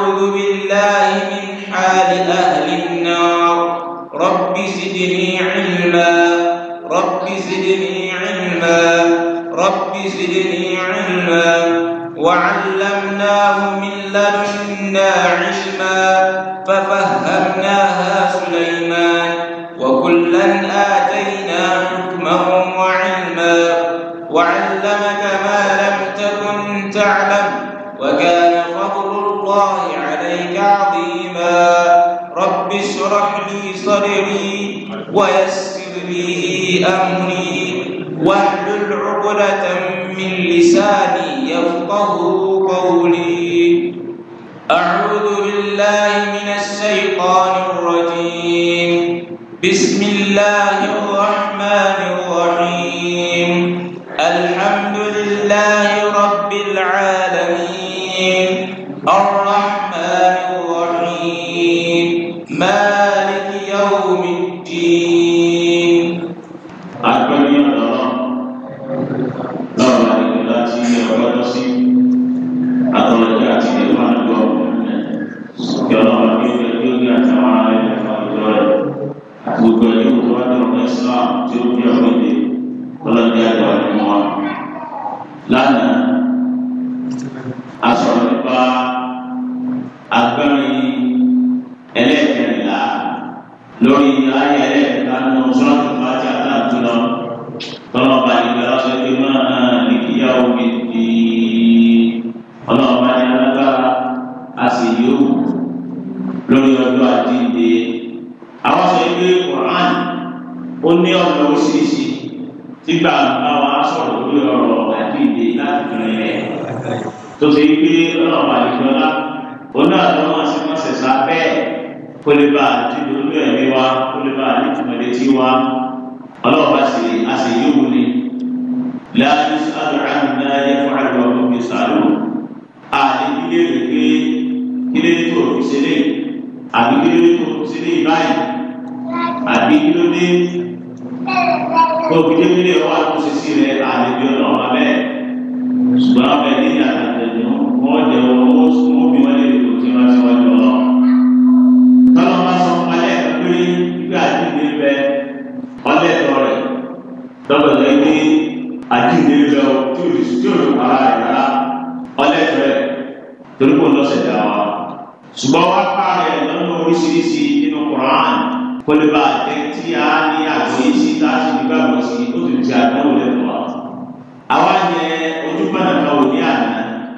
أعوذ بالله من حال أهل النار رب زدني علما رب زدني علما رب زدني علما وعلمناه من لدنا علما ففهمناه amri wa láàrin sáré àmì láyé fún àgbà òkè sáré àdébílẹ̀ rẹ̀ pé kílé tó fi sílé àbí kílé tó fi sílé báyìí àbí kíló dé tó fi dé kílé wà tó ṣe sí rẹ̀ àdébílẹ̀ ọ̀nà ọ̀bẹ ṣùgbọ́n ọ̀bẹ ní ìyàtọ̀ tẹ̀lé wọn jẹ́ wọn wọ́n sún wọn bí. torí kò lọ́sẹ̀ dá wa ṣùgbọ́n wá pààrọ̀ ẹ̀ lọ́nà oríṣiríṣi nínú Quran kó lè bá jẹ́ tí a ní àgbéyèsí láti fi gbàgbọ́ sí ó ti di àdánwò lẹ́nu wa. àwa yẹ ojúbọ̀nà kan ò ní àná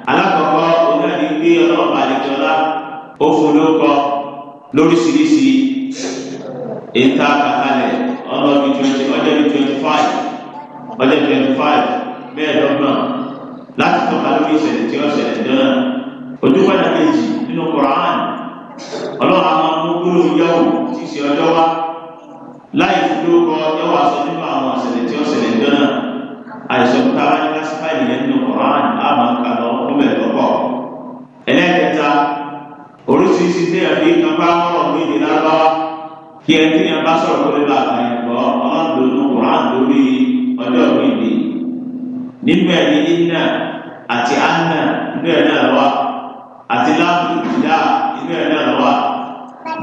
alákọ̀ọ́kọ́ onáni gbé ọlọ́ọ̀bà àdìjọlá ó fún lóko lóríṣiríṣi ìta kàkálẹ̀ ọlọ́ọ̀bì twenty ọjọ́ bí twenty five ọjọ́ twenty five bẹ́ẹ̀ lọ́gbọ̀n láti tọ́ka lórí ìṣẹ̀lẹ̀ tí ó ṣẹlẹ̀ ojúpadà kejì nínú Quran ọlọ́run àwọn ọmọkúrò yẹ̀wò tí ṣe ọjọ́ wa láì fi lóko yẹ̀wò aṣọ nínú àwọn àṣẹlẹ̀ tí ó ṣẹlẹ̀ jọ náà àìsàn tá a lásìkò yẹn nínú Quran àmọ́ nǹka lọ ọmọbẹ̀ lọ́pọ̀ ẹlẹ́kẹta oríṣiríṣi tí ẹ̀fí kan bá ọ̀rọ̀ mi ní lábáwá kí ẹ tí ẹ bá sọ̀rọ̀ lórí bàbá yẹn gbọ́ ọlọ́run Quran lórí ọjọ́ mi nínú inna àti anna nínú ẹ̀ àti láàbù ìdá inú ẹ̀rọ náà wa.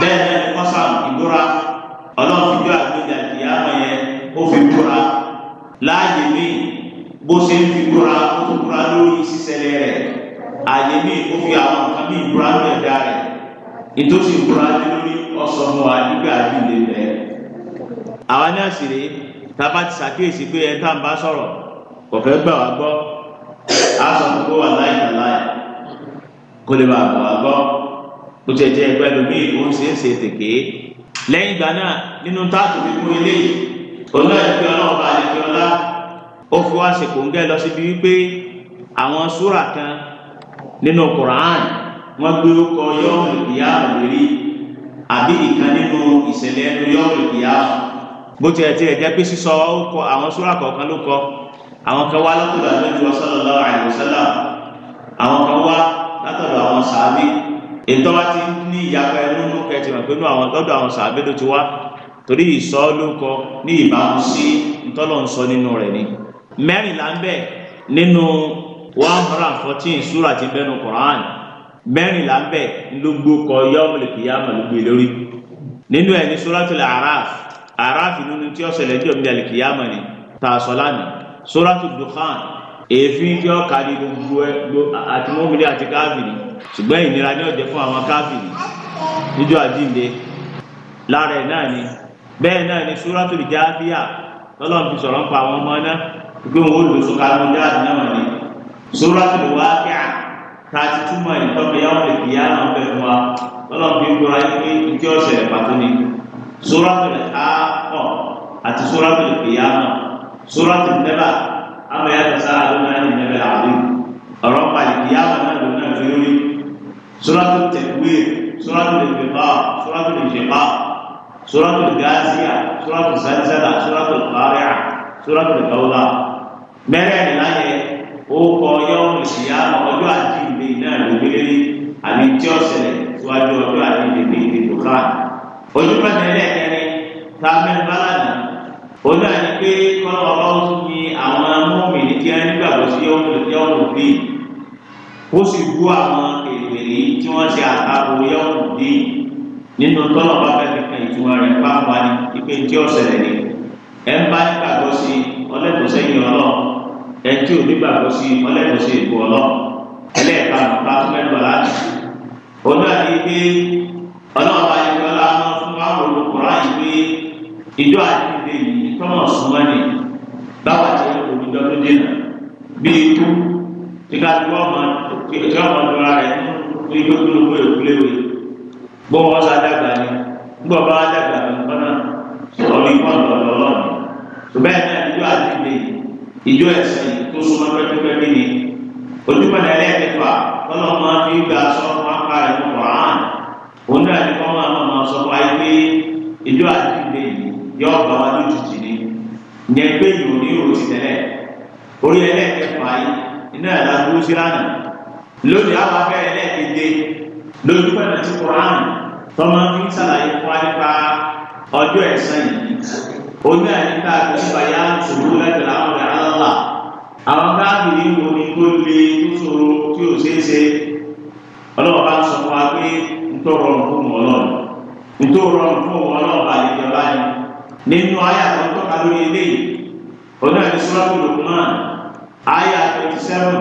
bẹ́ẹ̀ ni kọ́sà ìbúra ọlọ́run fíjọ́ àgbéga ìyáàmọ̀ yẹn ó fi búra láàyè mí bó ṣe ń fi búra ó tún búra lórí sísẹlẹ̀ rẹ̀ àyè mí ó fi àwọn nǹkan mí búra ní ẹ̀dá rẹ̀ ìtòsí búra lórí ọ̀sán fún wa nígbà àdúgbò rẹ̀ àwa náà sì rèé tába ti sàkíyèsí pé ẹ sọ̀rọ̀ kò fẹ́ gbà wá gbọ́ á sọ fún pé wà láì láì kó lè bá àwọn gbọ́ kó tiẹ̀ jẹ́ ẹgbẹ́ lómi ó ń ṣeé ṣe tèké lẹ́yìn ìgbà náà nínú táàtù mímú ilé yìí olóògbé ọlọ́ọ̀bá àlejò ọlá ó fi wá ṣe kòńgẹ́ lọ síbi wípé àwọn súrà kan nínú Qur'an wọ́n gbé ọkọ̀ yọ́ọ̀mù ìyá òlérí àbí ìkan nínú ìṣẹ̀lẹ̀ ẹnu yọ́ọ̀mù ìyá bó tiẹ̀ tiẹ̀ jẹ́ pé sísọ ọkọ̀ àwọn súrà kọ̀ọ̀kan ló kọ àwọn kan wá lọ́kùnrin àlejò sallallahu alaihi wasallam àwọn látọ̀dọ̀ àwọn sàábí ètò wa ti ní ìyapa ẹnu nù kẹtì wọn pẹ̀lú àwọn lọ́dọ̀ àwọn sàábí ló ti wá torí ìsọ ló kọ ní ìbámu sí ntọ́lọ̀ ń sọ nínú rẹ̀ ni mẹ́rìnlá ń bẹ nínú one hundred and fourteen súrà ti bẹ́nu Quran mẹ́rìnlá ń bẹ ló gbó kọ yọ́mùlì kìyàmù ló gbé e lórí nínú ẹ̀ ní súrátùlẹ̀ araf araf nínú tí ó ṣẹlẹ̀ jọ̀ọ́ mi àlè kìyàmù ni tààsọ̀ èéfín tí ọkà ní gbogbo ẹ àti mọ́mílì àti káfìrí ṣùgbọ́n ìnira ní ọ̀jẹ̀ fún àwọn káfìrí níjọ́ àjíǹde lára ẹ̀ náà ni bẹ́ẹ̀ náà ni Suratul Jathiyah tọ́lọ́n fi sọ̀rọ̀ ń pa àwọn ọmọ náà pé wọn ò lò sókà ló dá náà ni Suratul Waqi'ah tá a ti túmọ̀ ìtọ́pẹ́ yàwó lè fi yá náà bẹ̀ fún wa tọ́lọ́n fi ń gbọ́ra pé ìkí ọ̀sẹ̀ pàtó ni Suratul Haqqah àti Suratul Qiyamah Suratul Naba أما يتساءلون عن النبي العظيم رب القيامة لنا في يوم سورة التكوير سورة الانفقاء سورة الانشقاق سورة الجاثية سورة الزلزلة سورة القارعة سورة القوضة بلاد الآية هو يوم القيامة وجوع الدين بيننا وبين àbí tí ó ṣẹlẹ̀ síwájú ọjọ́ àti ìdìbò ìdìbò kan. Ojú pẹ̀lú ẹlẹ́ẹ̀kẹrin tá a mẹ́rin bá lánàá ó dà ní pé kọ́nà ọlọ́run fi àwọn mọ́mì ní tí wọ́n nígbàgbọ́ sí ọ̀hún yọ̀hún bí ó sì bú àwọn èrè tí wọ́n ṣe àtakò yọ̀hún bí nínú tọ́lọ̀ bá fẹ́ fi kan ìtura rẹ̀ pápá ní ipe tí ó ṣẹlẹ̀ ní ẹ̀ ń bá nígbàgbọ́ sí ọlẹ́kọ̀ọ́ sẹ́yìn ọlọ́run ẹ̀ tí ò nígbàgbọ́ sí ọlẹ́kọ̀ọ́ sí ìbò ọlọ́run ẹlẹ́ẹ̀ka nípa fún ẹnu tọ́nà súnmọ́ ni báwa ti ń lò ní dọ́dún dènà bí ikú tí ká tó ọmọ tí ọmọ dọ́ra rẹ̀ ní gbogbo ìgbéléwé gbọ́n wọn sá dàgbà ni gbọ́n bá dàgbà ní kọ́nà sọ̀rọ̀ ní kọ́nà lọ́lọ́ọ̀ni ṣùgbọ́n ẹ̀ka ìjọ àdìgbè ìjọ ẹ̀sìn tó súnmọ́ pẹ́kípẹ́kí ni ojúmọ̀ ní ẹlẹ́ẹ̀kẹfà ọlọ́mọ fi gbà sọ fún apá rẹ̀ ní kọ̀ọ̀án òun náà ní kọ́nà ọmọ sọ fún ayé pé ìyẹn pé yòó ní òrò ti tẹ̀lẹ̀ orí ẹlẹ́ẹ̀kẹfà yìí iná ẹ̀ la dúró sí lánàá lónìí àwọn abẹ́ ẹlẹ́ẹ̀kẹdẹ lójú pẹ̀lú ti Qur'an tọ́mọ fi ń sàlàyé fún wa nípa ọjọ́ ẹ̀san yìí oní àyíká àgbẹ̀sípa yá sòwò lẹ́tọ̀ọ́ àwọn ọ̀rẹ́ aláwà àwọn káàkiri wo ni tó le tó ṣòro tí ò ṣeé ṣe ọlọ́wọ́ bá sọ fún wa pé ntọ́ rọrùn fún wọn lọ́rùn ntọ́ rọrùn fún wọn lọ́rùn nínú àyà tó ń tọ́ka lórí eléyìí oní àti sọ́ọ́tù Luqman àyà twenty seven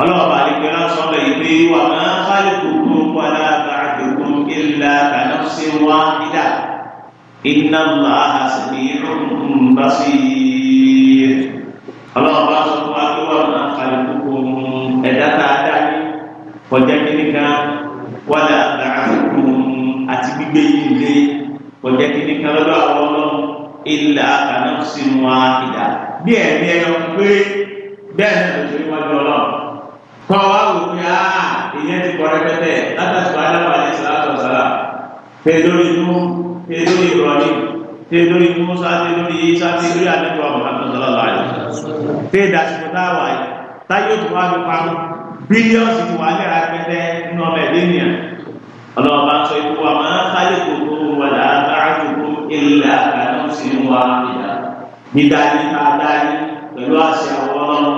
ọlọ́ọ̀bà àlejò láti sọ́ọ́ bẹ̀yìn pé wà máa ń fáyé kòkó wàlá àgbàdùkú ìlà kànáfíṣe wá nídà iná ńlá àsìkò ìrùn bá sí i ọlọ́ọ̀bà sọ fún wa pé wà máa ń fáyé kòkó ẹ̀dá tá a dá ní kọjá kíníkan wàlá àgbàdùkú àti gbígbé yìí kò jẹ́ kí ní kan lọ́dọ̀ àwọn ọlọ́run ilà àná sí wọn ìdá bí ẹ̀mí ẹ̀yọ pé bẹ́ẹ̀ náà ló ṣe wájú ọlọ́run kọ́ wa wò pé á ìyẹn ti kọ́ rẹpẹtẹ látàkùn adáwà ní sàlátọ̀sálà pé lórí inú pé lórí ìrọ̀lì pé lórí musa pé lórí isa pé lórí àdébọ̀ ọ̀mọ̀tàkùnsọ̀lá láàyè pé ìdásíkò táwa yìí táyé òtún wá fi pamọ́ bílíọ̀nù ti wà ní rẹpẹtẹ nínú ilà àtúnṣe wa ìdá dídáyé adáyé pẹ̀lú àṣẹ àwọn ọlọ́run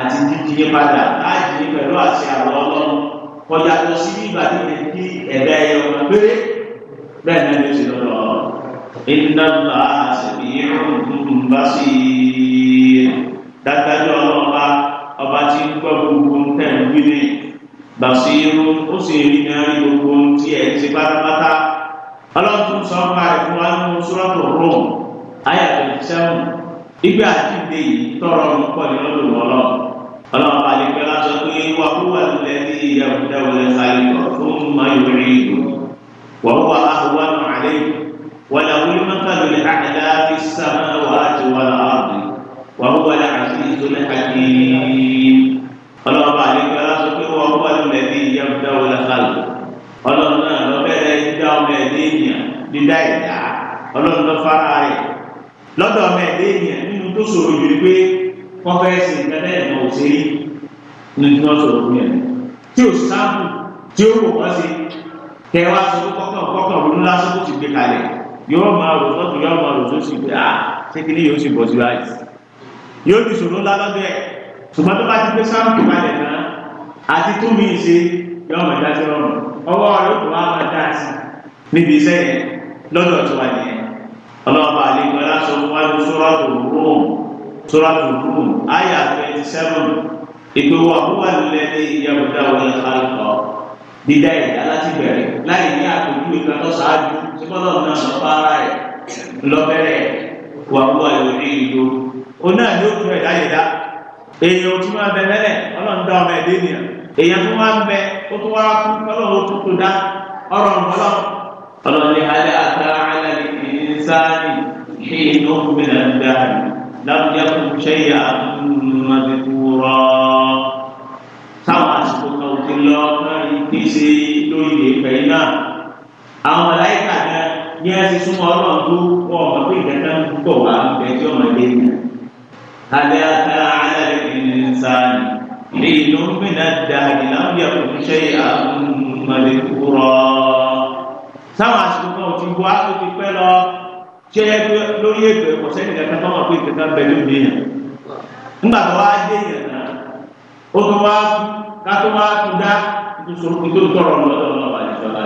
àti dídíyé padà láàyè pẹ̀lú àṣẹ àwọn ọlọ́run kọjá lọ sí nígbà tí lè di ẹ̀dá ẹ̀rọ péré bẹ́ẹ̀ náà ló ti lọ́dọ̀ iná bá àṣẹbí ọ̀hún bá sí i dájájọ́ ọlọ́ba ọba tí ń gbọ́ gbogbo ń tẹ̀ ń gbélé bàṣírù ó sì rí náà gbogbo ń tiẹ̀ ti pátápátá ọlọ́run sọ ń parí fún wa nínú sọ́rọ́tò rome ayé àtẹ̀jú sẹ́wọ̀n igbe àtìgbè yìí tọrọ ń pọ̀ ní lọ́dọ̀ wọlọ́ ọlọ́run bá lè pẹ́ lásán pé wà kó wà lulẹ̀ ní ìyàwó dáwọlẹ̀ sáré kọ̀ fún mayọ̀ ìlú wọ́n wà áhùwà nù àlẹ́ wọ́n àwọn onímọ̀tàlù lè àdá fi sàmà wà á ti wà láàbì wọ́n wà láàbì tó lè àdé ọlọ́run dídá ẹ̀dá ọlọ́run lọ fara rẹ̀ lọ́dọ̀ ọmọ ẹ̀dẹ́ ènìyàn nínú tó sọ̀rọ̀ jù pé wọ́n fẹ́ ṣe ìgbẹ́lẹ́ ẹ̀mọ́ òṣèré nínú tí wọ́n sọ̀rọ̀ fún yẹn tí ò sáàbù tí ó wò wọ́n ṣe kẹ wá sọ pé kọ́kàn kọ́kàn òun lásán tó ti gbé kalẹ̀ yóò máa rò tọ́tù yóò máa rò tó sì pé à ah, ṣé kí ni yóò sì bọ̀ sí wáyé yóò ti sọ̀rọ̀ ńlá lọ́dọ̀ ẹ̀ ṣùgbọ́n tó bá ti gbé sáàbù kalẹ̀ náà àti tó mi ṣe yóò máa dá sí ọwọ́ rẹ̀ ó kò wá máa dá sí níbi iṣẹ́ yẹn lọ́dọ̀ tí wà ní ẹ̀ ọlọ́ọ̀bà àlejò aláṣọ wájú sóràtò rúùn sóràtò rúùn àyà twenty seven ìgbéwò àbúwà nílẹ̀ ní ìyàwó dáwọ́ ní àlùkò dídá ìdá láti bẹ̀rẹ̀ láì ní àpèjú ìgbà tó ṣáájú tí bọ́lá náà sọ bá ara ẹ̀ lọ́bẹ̀rẹ̀ wà wúwà lórí ìlú òun náà ló kú ẹ̀dá ìdá èèyàn tí máa bẹ mẹ́lẹ̀ ọlọ́run ọmọ ẹ̀dẹ́ nìyà èèyàn tó máa bẹ ó tó wá kú ọlọ́run ó tó tó dá ọrọ̀ ọ̀rọ̀ ọlọ́ni alẹ́ ata alẹ́ ìsáni hìnnú mìíràn dáhì lábùjáfù ṣẹ́yà mọ̀tẹ́kùrọ̀ táwọn àsìkò kan ti lọ lórí pèsè lórí ìpè náà àwọn aláìka náà ní ẹ ti súnmọ́ ọlọ́run tó wọ́n ọmọ pé ìdájọ́ ń bọ̀ wá ìdájọ́ ọmọdé náà. alẹ́ ata alẹ́ ìsáni hìnnú mìíràn dáhì lábùjáfù ṣẹ́yà mọ̀tẹ́kùrọ̀. táwọn àsìkò kan ò ti bọ́ àpò ti pẹ́ lọ tí ó yẹ pé lórí ètò ẹ̀kọ́ sẹ́ni kankan tó wà pé kankan bẹ̀ lóde yẹn nígbà tó wá dé yẹn náà ó tó wá ká tó wá tó dá ètò tọrọ lọ́dọ̀ ọlọ́wà ìṣọ́lá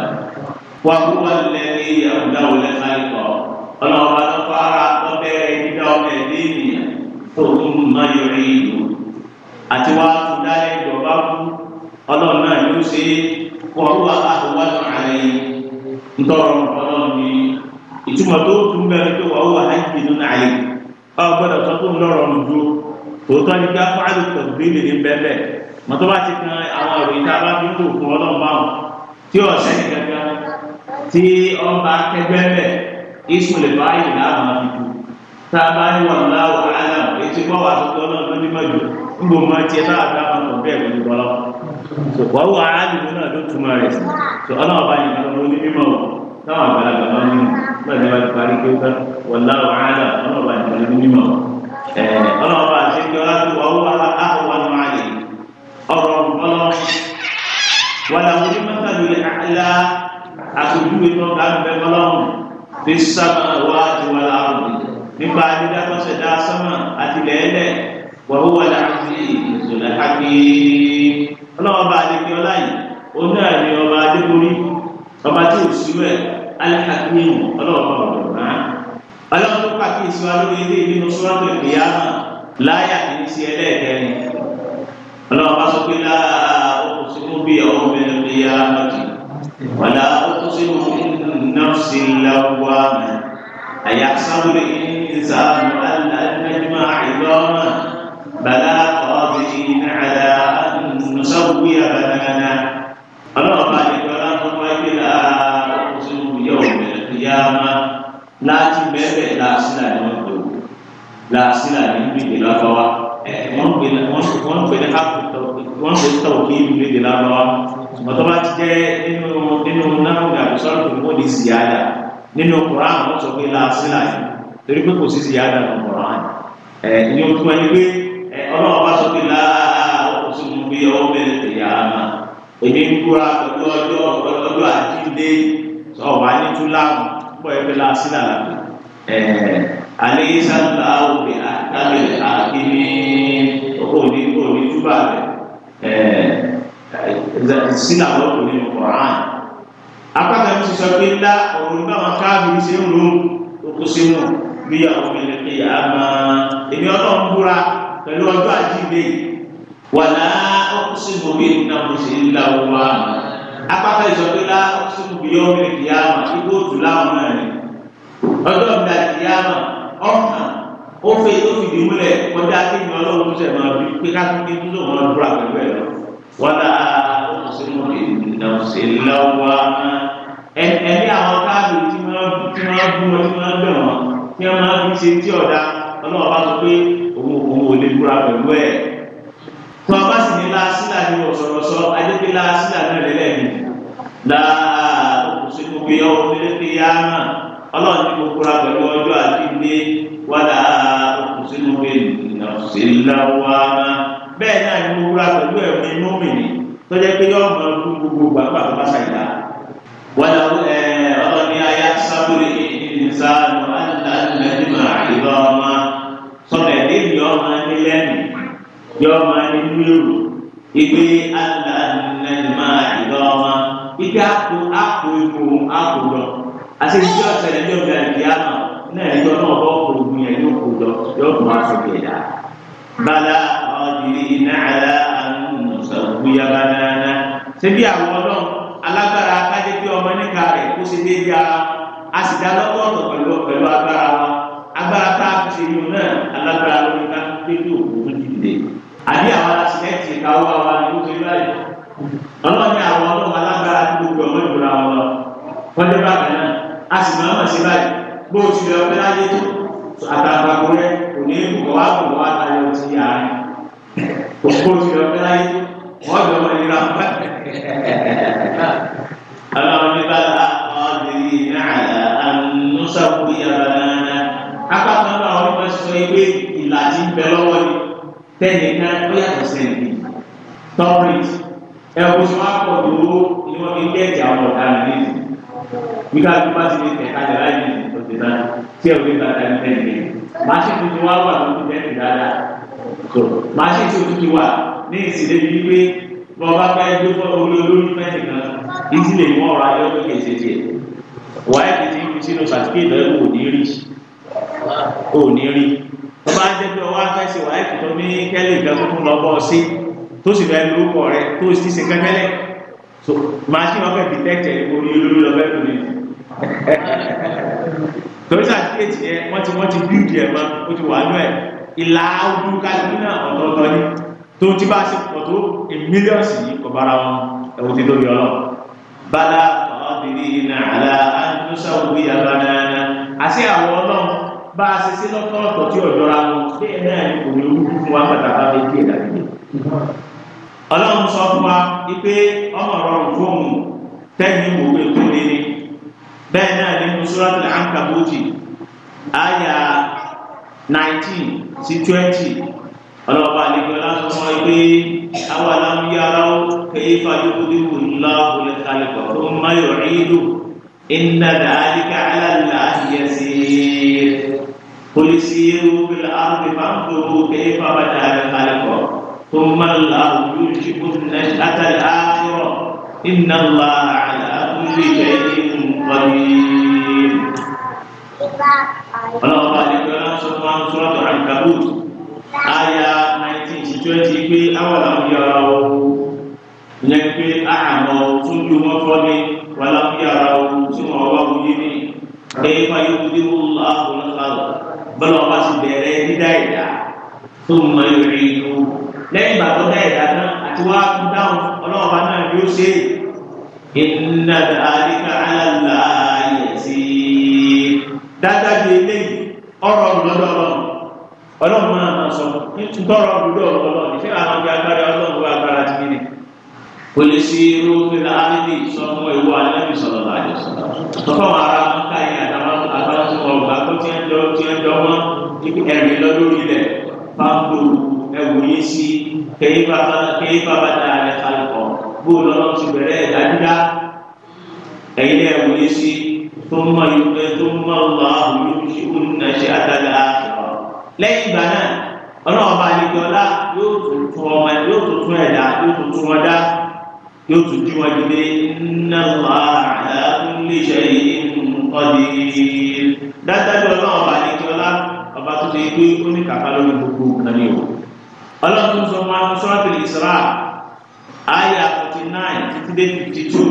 wà kó wà lẹ́ni ìyàwó lẹ́ sáyẹ̀kọ́ ọlọ́wà ló fara lọ́bẹ̀ dídá ọbẹ̀ lẹ́nìyàn tó tó má yọrí ìlú àti wá tó dá ẹ̀jọ̀ kú ọlọ́run náà yóò ṣe kọ́ wà á tó wá tó àárín ntọrọ ọlọ́run ni ìtumọ̀ tó tún bẹ́ẹ̀ pé wàá wà láìpẹ́ nínú àyè ọ gbọ́dọ̀ sọ tó ń lọ́rọ̀ ọ̀run dúró tòótọ́ ni gbá fáàlù tọ̀gbé lè ní bẹ́ẹ̀ bẹ́ẹ̀ mọ́tò bá ti kan àwọn ìròyìn tá a bá fi ń lò fún ọlọ́run báwọn tí ọ̀sẹ̀ ní gangan tí ọba kẹgbẹ́ bẹ̀ ìsùn lè bá yìí láàmú àdìgbò tá a bá ní wọn láwọ aláwọ etí bọ́ wà tó tọ́ náà lónìí mọ́jú ń gbòmọ́ tiẹ̀ tá a dá wọn tọ̀ bẹ́ẹ̀ wọ́n wàá wọ aráàlú náà ló túmọ̀ rẹ̀ tó ọlọ́wọ́ bá yẹn lọ́wọ́ ní mímọ́ o táwọn àgbàlagbà máa ń mú gbàdé wa ti parí kí ó bá wọlá wàhálà ọlọ́wọ́ bá yẹn lọ́wọ́ ní mímọ́ o ọlọ́wọ́ bá ṣe kí ọlá tó wàá wọ àwọn ọmọ àyè ọ̀rọ̀ ọlọ́wọ́ wàlá wọn ní mọ́tàlú àlá àtòjúwe tó ká ń bẹ bọ́lọ́wọ́ ọlọ́wọ́ bá adé kí ọlá yìí oní àmì ọba adéborí ọba tí ò sí rẹ̀ alákàkíyèmù ọlọ́wọ́ bá ọ̀dọ̀ náà. ọlọ́wọ́ tó pàkíyèsí wa lórí ilé nínú sọ́ọ́tò ìgbéyàmà láyà kì í ṣe ẹlẹ́ẹ̀kẹrin ọlọ́wọ́ bá sọ pé láà ó sì mú bí ọmọ mi ló lè yá lọ́kì wàlá ó sì mú nọ́ọ̀sì lọ́wọ́ àmì àyà sáwùrì ìzàmù alẹ́ mẹ́jọ́ سوي بنانا الله بارك لكم وإلى أقسم يوم القيامة لا تبقى لا سلا نقول لا سلا نبي لا فوا wọ́n pè ní wọ́n pè ní tàwùkì ìbílẹ̀ ìdè lábáwá ṣùgbọ́n bá ti jẹ́ nínú nínú náà ní àbùsọ̀rọ̀ tó ń wọ́n di ziyada nínú Qur'an wọ́n sọ pé láàsílà yìí torí pé kò sí ziyada nínú Qur'an ẹ̀ ní o tún ẹni pé ọlọ́wọ́ bá sọ pé láàá èmi ń kúra pẹ̀lú ọjọ́ ọjọ́ àjíǹde ọ̀wá ní túláàmù pọ̀ ẹgbẹ́ láti làlàbí alẹ́ ìsàlùlá òbí àtàlẹ̀ àkíní òní òní túbà rẹ̀ sílà lọ́kùn nínú Kọ̀ọ̀án. apákan ti sọ pé ńlá òun bá wọn káàbì ṣe ń ro oko sínú bí àwọn ọmọ ẹlẹ́kẹ̀yà máa èmi ọlọ́run búra pẹ̀lú ọjọ́ àjíǹde yìí wàlá ọkùsìmù bí nàbùsì ńlá wà apáta ìsọdúnlá ọkùsìmù bí ọmọ ìkìyàmà ibú òtún láwọn náà ni ọjọ́ ìgbà ìkìyàmà ọ̀hún ó fẹ́ tó fìdí múlẹ̀ kọjá kí ni ọlọ́run tó sẹ̀mọ́ bí pé ká tún kí tó wọn dúró àpẹẹrẹ ẹ̀ lọ wàlá ọkùsìmù bí nàbùsì ńlá wà ẹni àwọn káàdì tí wọ́n bú wọn tí wọ́n bẹ̀ wọ́n tí wọ́n máa ń ṣe tí ọ̀dà ọlọ́run bá sọ pé òun òun ò lè búra pẹ̀lú ẹ̀ tó a bá sì ní láásílà ní ọ̀sọ̀rọ̀sọ adébí láásílà náà lélẹ̀ ni láà òkùnso gbogbo yà ọ̀hún lé pé yá mà ọlọ́run ní gbogbo ra pẹ̀lú ọjọ́ àdínlé wàdà òkùnso gbogbo ìnàṣẹ́ láwa bẹ́ẹ̀ náà ní gbogbo ra pẹ̀lú ẹ̀mí mọ́mìnì tọ́jà pé yọ ọmọ gbogbo gbàgbà tó bá ṣàyà wàdà ẹ̀ yọ máa ní wíwò ìgbé àgbà nínú máa ìgbà ọmọ ìgbé àpò àpò ìbò àpò lọ àti ìjọ ọ̀sẹ̀ ní ọ̀gá ìdí àmà náà ìjọ náà bọ́ kò gùn yẹn yóò kò lọ yóò tún wá bala ọ̀dìrì iná àlá àmúṣàgbéyà banana ṣé bí àwọn ọlọ́run alágbára kájẹ́ bí ọmọ níka rẹ̀ kó ṣe dé bíi ara a sì dá lọ́kọ̀ọ̀tọ̀ pẹ̀lú pẹ̀lú agbára wa agbára tá a fi ṣe yìí náà alágbára lórí ká dé òkú tó dìde àbí àwọn asidẹ́ntì ẹ̀ka owó àwọn àdúgbò báyìí ọlọ́ọ̀ni àwọn ọlọ́wọ́ alágbára tó gbogbo ọmọ ìgbòrò àwọn lọ wọ́n dé bá bẹ̀rẹ̀ a sì máa mọ̀ sí báyìí bó o ti lọ pé láyé tó àtàgbàgbọ́ rẹ kò ní kọ̀ wá kọ̀ wá tayọ ti àárín kò kó o ti lọ pé láyé wọ́n jọ wọ́n nira wọ́n. ọlọ́ọ̀ni bá la ọ̀dẹ̀rì náà náà wọ́n fẹ́ tẹ́lẹ̀ náà ó yàtọ̀ sẹ́ni tọ́pìt ẹ̀kú sọ àpọ̀ tó ni wọ́n fi gẹ́ẹ̀tì àwọn ọ̀daràn níbi nígbà tó bá ti lè tẹ̀ kájà láyé òtẹ̀ náà tí ẹ̀kú ní bàtà ní tẹ̀lé máṣíìnì tó wá wà lójú tẹ̀lé dáadáa tó máṣíìnì tó ti wà ní ìsìlẹ̀ yìí pé bọ́ bá fẹ́ gbé fọ́ orí olórí fẹ́ẹ̀tì kan ìsìlẹ̀ mọ́ ọ̀rọ̀ ayọ́ tó kè ṣe tiẹ̀ wáyé ti ti fi sínú sàtífíkì bá jẹ́ pé ọwọ́ afẹ́sẹ̀ wà á kìtọ́ ní kẹ́lẹ́ ìgbà tó tún lọ bọ́ sí tó sì fẹ́ lórúkọ rẹ tó sì ṣe kẹ́kẹ́lẹ́ so machine ọ̀fẹ́ detector orí olórí lọ́fẹ́ tó ní torí sàtìkẹ́tì yẹn wọ́n ti wọ́n ti bíúdì ẹ̀ mọ́ ó ti wà nú ẹ̀ ìlà ojú kálukú náà ọ̀tọ̀ọ̀tọ̀ ni tó ti bá ṣe pọ̀ tó a million sí kò bára wọn ẹ̀wọ̀n ti lórí ọlọ́ bala ọ̀bìnrin náà àlà àdúnṣàwò ìyàbá àti àwọn ọlọ́run bá a ṣe ṣe lọ́tọ̀ọ̀tọ̀ tí ọ̀jọ́ra wọn bẹ́ẹ̀ náà ni kò ní orú fún wa pátápátá bẹ́ẹ̀ díẹ̀ dàbí. ọlọ́run sọ fún wa pé ọmọ rọrùn fóun tẹ́ni òwe tó léle bẹ́ẹ̀ náà ni Suratul Ankabut àyà 19 sí 20 ọlọ́ba àlejò aláṣọ sọ pé àwọn alámúyára kayfa yuhyi Allahu al-khalqa thumma yu'iduhu inna dhalika 'ala بصير قل سيروا في الأرض فانظروا كيف بدأ الخلق ثم الله ينشئ النشأة الآخرة إن الله على كل شيء قدير ọlọ́wọ́ bá lè gbé ránṣọ fún àwọn sọ́rọ̀ tó rà ìkàbùt àyà 1920 pé àwọn làwọn yàrá ooru ìyẹn pé àhàmọ́ tún ju wọn kẹ́yìnfà yóò di wọ́n àfọlọ́kàlọ́ bọ́lá ọba ti bẹ̀rẹ̀ dídá ẹ̀dá tó ń mọ ìrìn ìlú lẹ́yìn ìgbà tó dá ẹ̀dá náà àti wá dáhùn ọlọ́ọ̀bá náà yóò ṣe é iná àríkà àlàlà ayẹ̀sí dájáde eléyìí ọ̀rọ̀ ọ̀dọ́dọ́ ọlọ́run ọlọ́run máa sọ nítorí ọ̀dọ́dọ́ ọlọ́run ìfẹ́ àwọn ọ̀gbẹ́ agbára ọlọ́run wọ agbára ti nílẹ̀ polisiru nínú alibi sọmọ ìwọ alẹbi sọlọ láàyè sọlọ tọkọ wọn ara wọn ká yín àtàwọn àtàwọn tó wọn gbà tó tiẹ̀ dọ tiẹ̀ dọ wọn ibi ẹ̀mí lọdún ilẹ̀ pàǹdù ẹwù yín sí kéyí bàbá kéyí bàbá dá ẹ kálukọ bó lọlọ ti bẹ̀rẹ̀ ẹ dájúdá ẹ̀yin náà ẹwù yín sí tó mọ ìwé tó mọ ọlọ àwùjọ ìṣe òun náà ṣe àtàlẹ àṣọ lẹ́yìn ìgbà náà ọlọ́ọ̀bá yóò tuntun ọmọ yóò tuntun ẹ̀dá yóò tuntun ọdá yóò tún jí wájú pé nná wà á lè ṣe ìmúkọ́ni dájájú ọlọ́run ọba àdéjọlá ọba tó ṣe pé ó ní kàkà lórí gbogbo nǹkan ni o ọlọ́run tó ń sọ wọn sọ́ọ́tì ìṣọ́ra àyà forty nine títí dé fifty two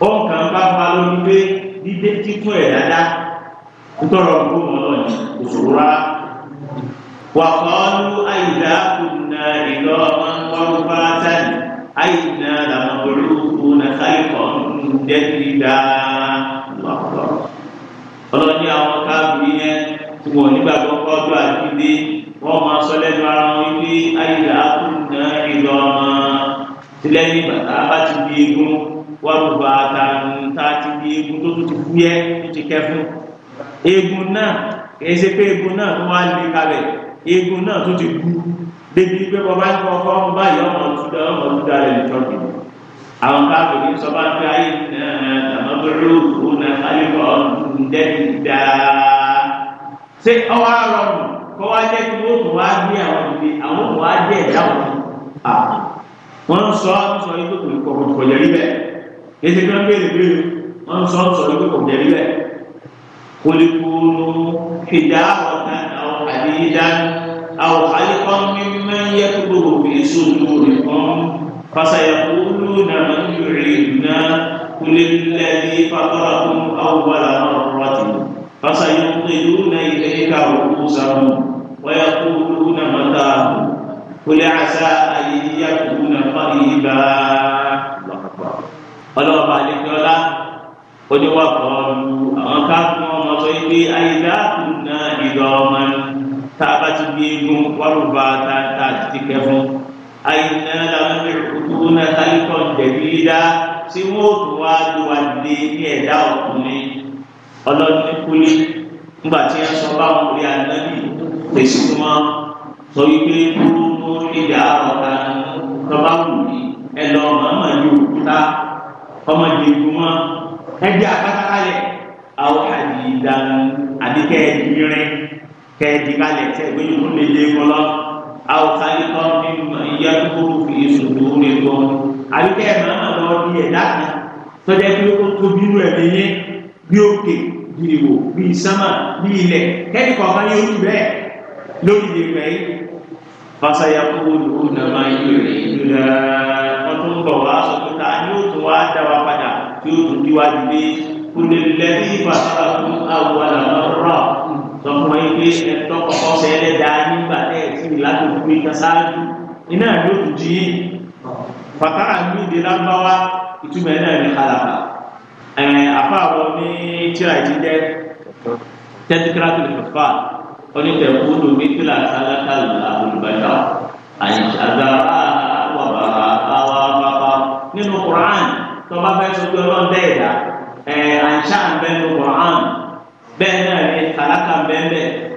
ó ń kàn bá wa lórí pé dídé títún ẹ̀ dáadáa nítorí ọgbọ́n ọlọ́run kò ṣòro rárá wà kọ́ ọ́ ló àyè dáa kò nà ìlọ́ọ̀. dẹ́kiri dáa lọ́pọ̀. ọlọ́ni àwọn káàbùrì yẹn tí wọ́n nígbàgbọ́ kọ́jú àdídé wọ́n máa sọ lẹ́nu ara wọn wípé ayílá àkùnà ìlọ ọmọ tìlẹ́yìn bàtà bá ti di egun wọ́n bá tàǹtà ti di egun tó tún ti kú yẹ tó ti kẹ́ fún. egun náà kìí ṣe pé egun náà tó wá lè kalẹ̀ egun náà tó ti kú débi pé bàbá ń kọ́ ọkọ́ ọmọ báyìí ọmọ òtúndà ọmọ òtúndà rẹ̀ nìkan kìí àwọn káàpì ní sọ bá pé ayé tàbátòrò ònà àyíkọ ǹdẹ́gbà ṣé ọwọ́ àrọ̀mù kọ́ wá jẹ́ kí wọ́n wá gbé àwọn ìdí àwọn wá jẹ́ ẹ̀dá wọn. wọ́n ń sọ ń sọ yìí pé kò kò jẹ́ rí bẹ́ẹ̀ èsì kan béèrè béèrè wọ́n ń sọ ń sọ yìí pé kò jẹ́ rí bẹ́ẹ̀. kòlìkòlù fìdá ọ̀tá àwọn àdéhìdá àwọn àyíkọ́ mímọ́ yẹ kó فسيقولون من يعيدنا قل الذي فطركم أول مرة فسينقلون إليك رؤوسهم ويقولون متاه قل عسى أن يكون قريبا الله أكبر ọlọ́wọ́ bá lè fi ọlá oníwà kọlu àwọn káàkiri ọmọ sọ pé àyíkáàkùn náà ìdọ̀ ọmọ tá a bá ti gbé egun wárùbá tá a ti kẹ fún àyìnà làwọn ìrùkútù náà kálíkọ̀ jẹ̀bi dá tí wọ́n tó wá ló wá dé ní ẹ̀dá ọkùnrin ọlọ́dún kúlé nígbà tí wọ́n sọ báwọn orí ànábì fèsì fún wọn sọ wípé kúrú mú ìdá ọ̀tá tọ́ba wù mí ẹ lọ màmá ní òkúta ọmọdé gbọmọ ẹ jẹ àpátákálẹ̀ àwọn àdìdàn àdìkẹ́ ẹ̀dínrín kẹ́ tẹ̀ gbẹ́yìn fún lè lé wọn àwọn kálíkọ́ mímọ ìyá tó kúrò fi èso tó lè gbọ́ àbíkẹ́ ẹ̀ máa lọ bí ẹ̀dá kan tọ́jà pé ó tóbi nù ẹ̀mí yẹn bí òkè bí ìwò bí ìsámà bí ilẹ̀ kẹ́nìkan bá yóò rí bẹ́ẹ̀ lórí ìdèpẹ́ yìí fasaya kúrò lòó nà máa yí rẹ̀ ìdúrà wọ́n tún bọ̀ wá sọ ta ni ó tún wá dá wa padà tí ó tún díwájú dé kúlẹ̀ lẹ́yìn ìfàsọ́ra fún àwọn àlàmọ́ rọ̀ lọ́kùnrin yìí pé ẹ̀tọ́ kọ́kọ́ ṣe é dá nígbà tẹ́ ẹ̀ sí ìlànà ìlú ìkan ṣáájú iná ìlú òtún jí bàtà àmì ìdè lágbáwá ìtumọ̀ ẹ̀ náà ní kalaba ẹ̀ àfa àwọn ní tíra ìdíjẹ́ tẹ́tíkírà tó lè fà onítẹ̀kùn ló ní tíra sálákà àbùrùbáyà àyíṣàgbà àwàbà àwàbàbà nínú Qur'an tó bá fẹ́ sọ pé ọlọ́dẹ̀ẹ̀dà ẹ̀ àyíṣà ń bẹ́ẹ̀ nínú Qur'an bẹ́ẹ̀ náà ni kàlákà bẹ́ẹ̀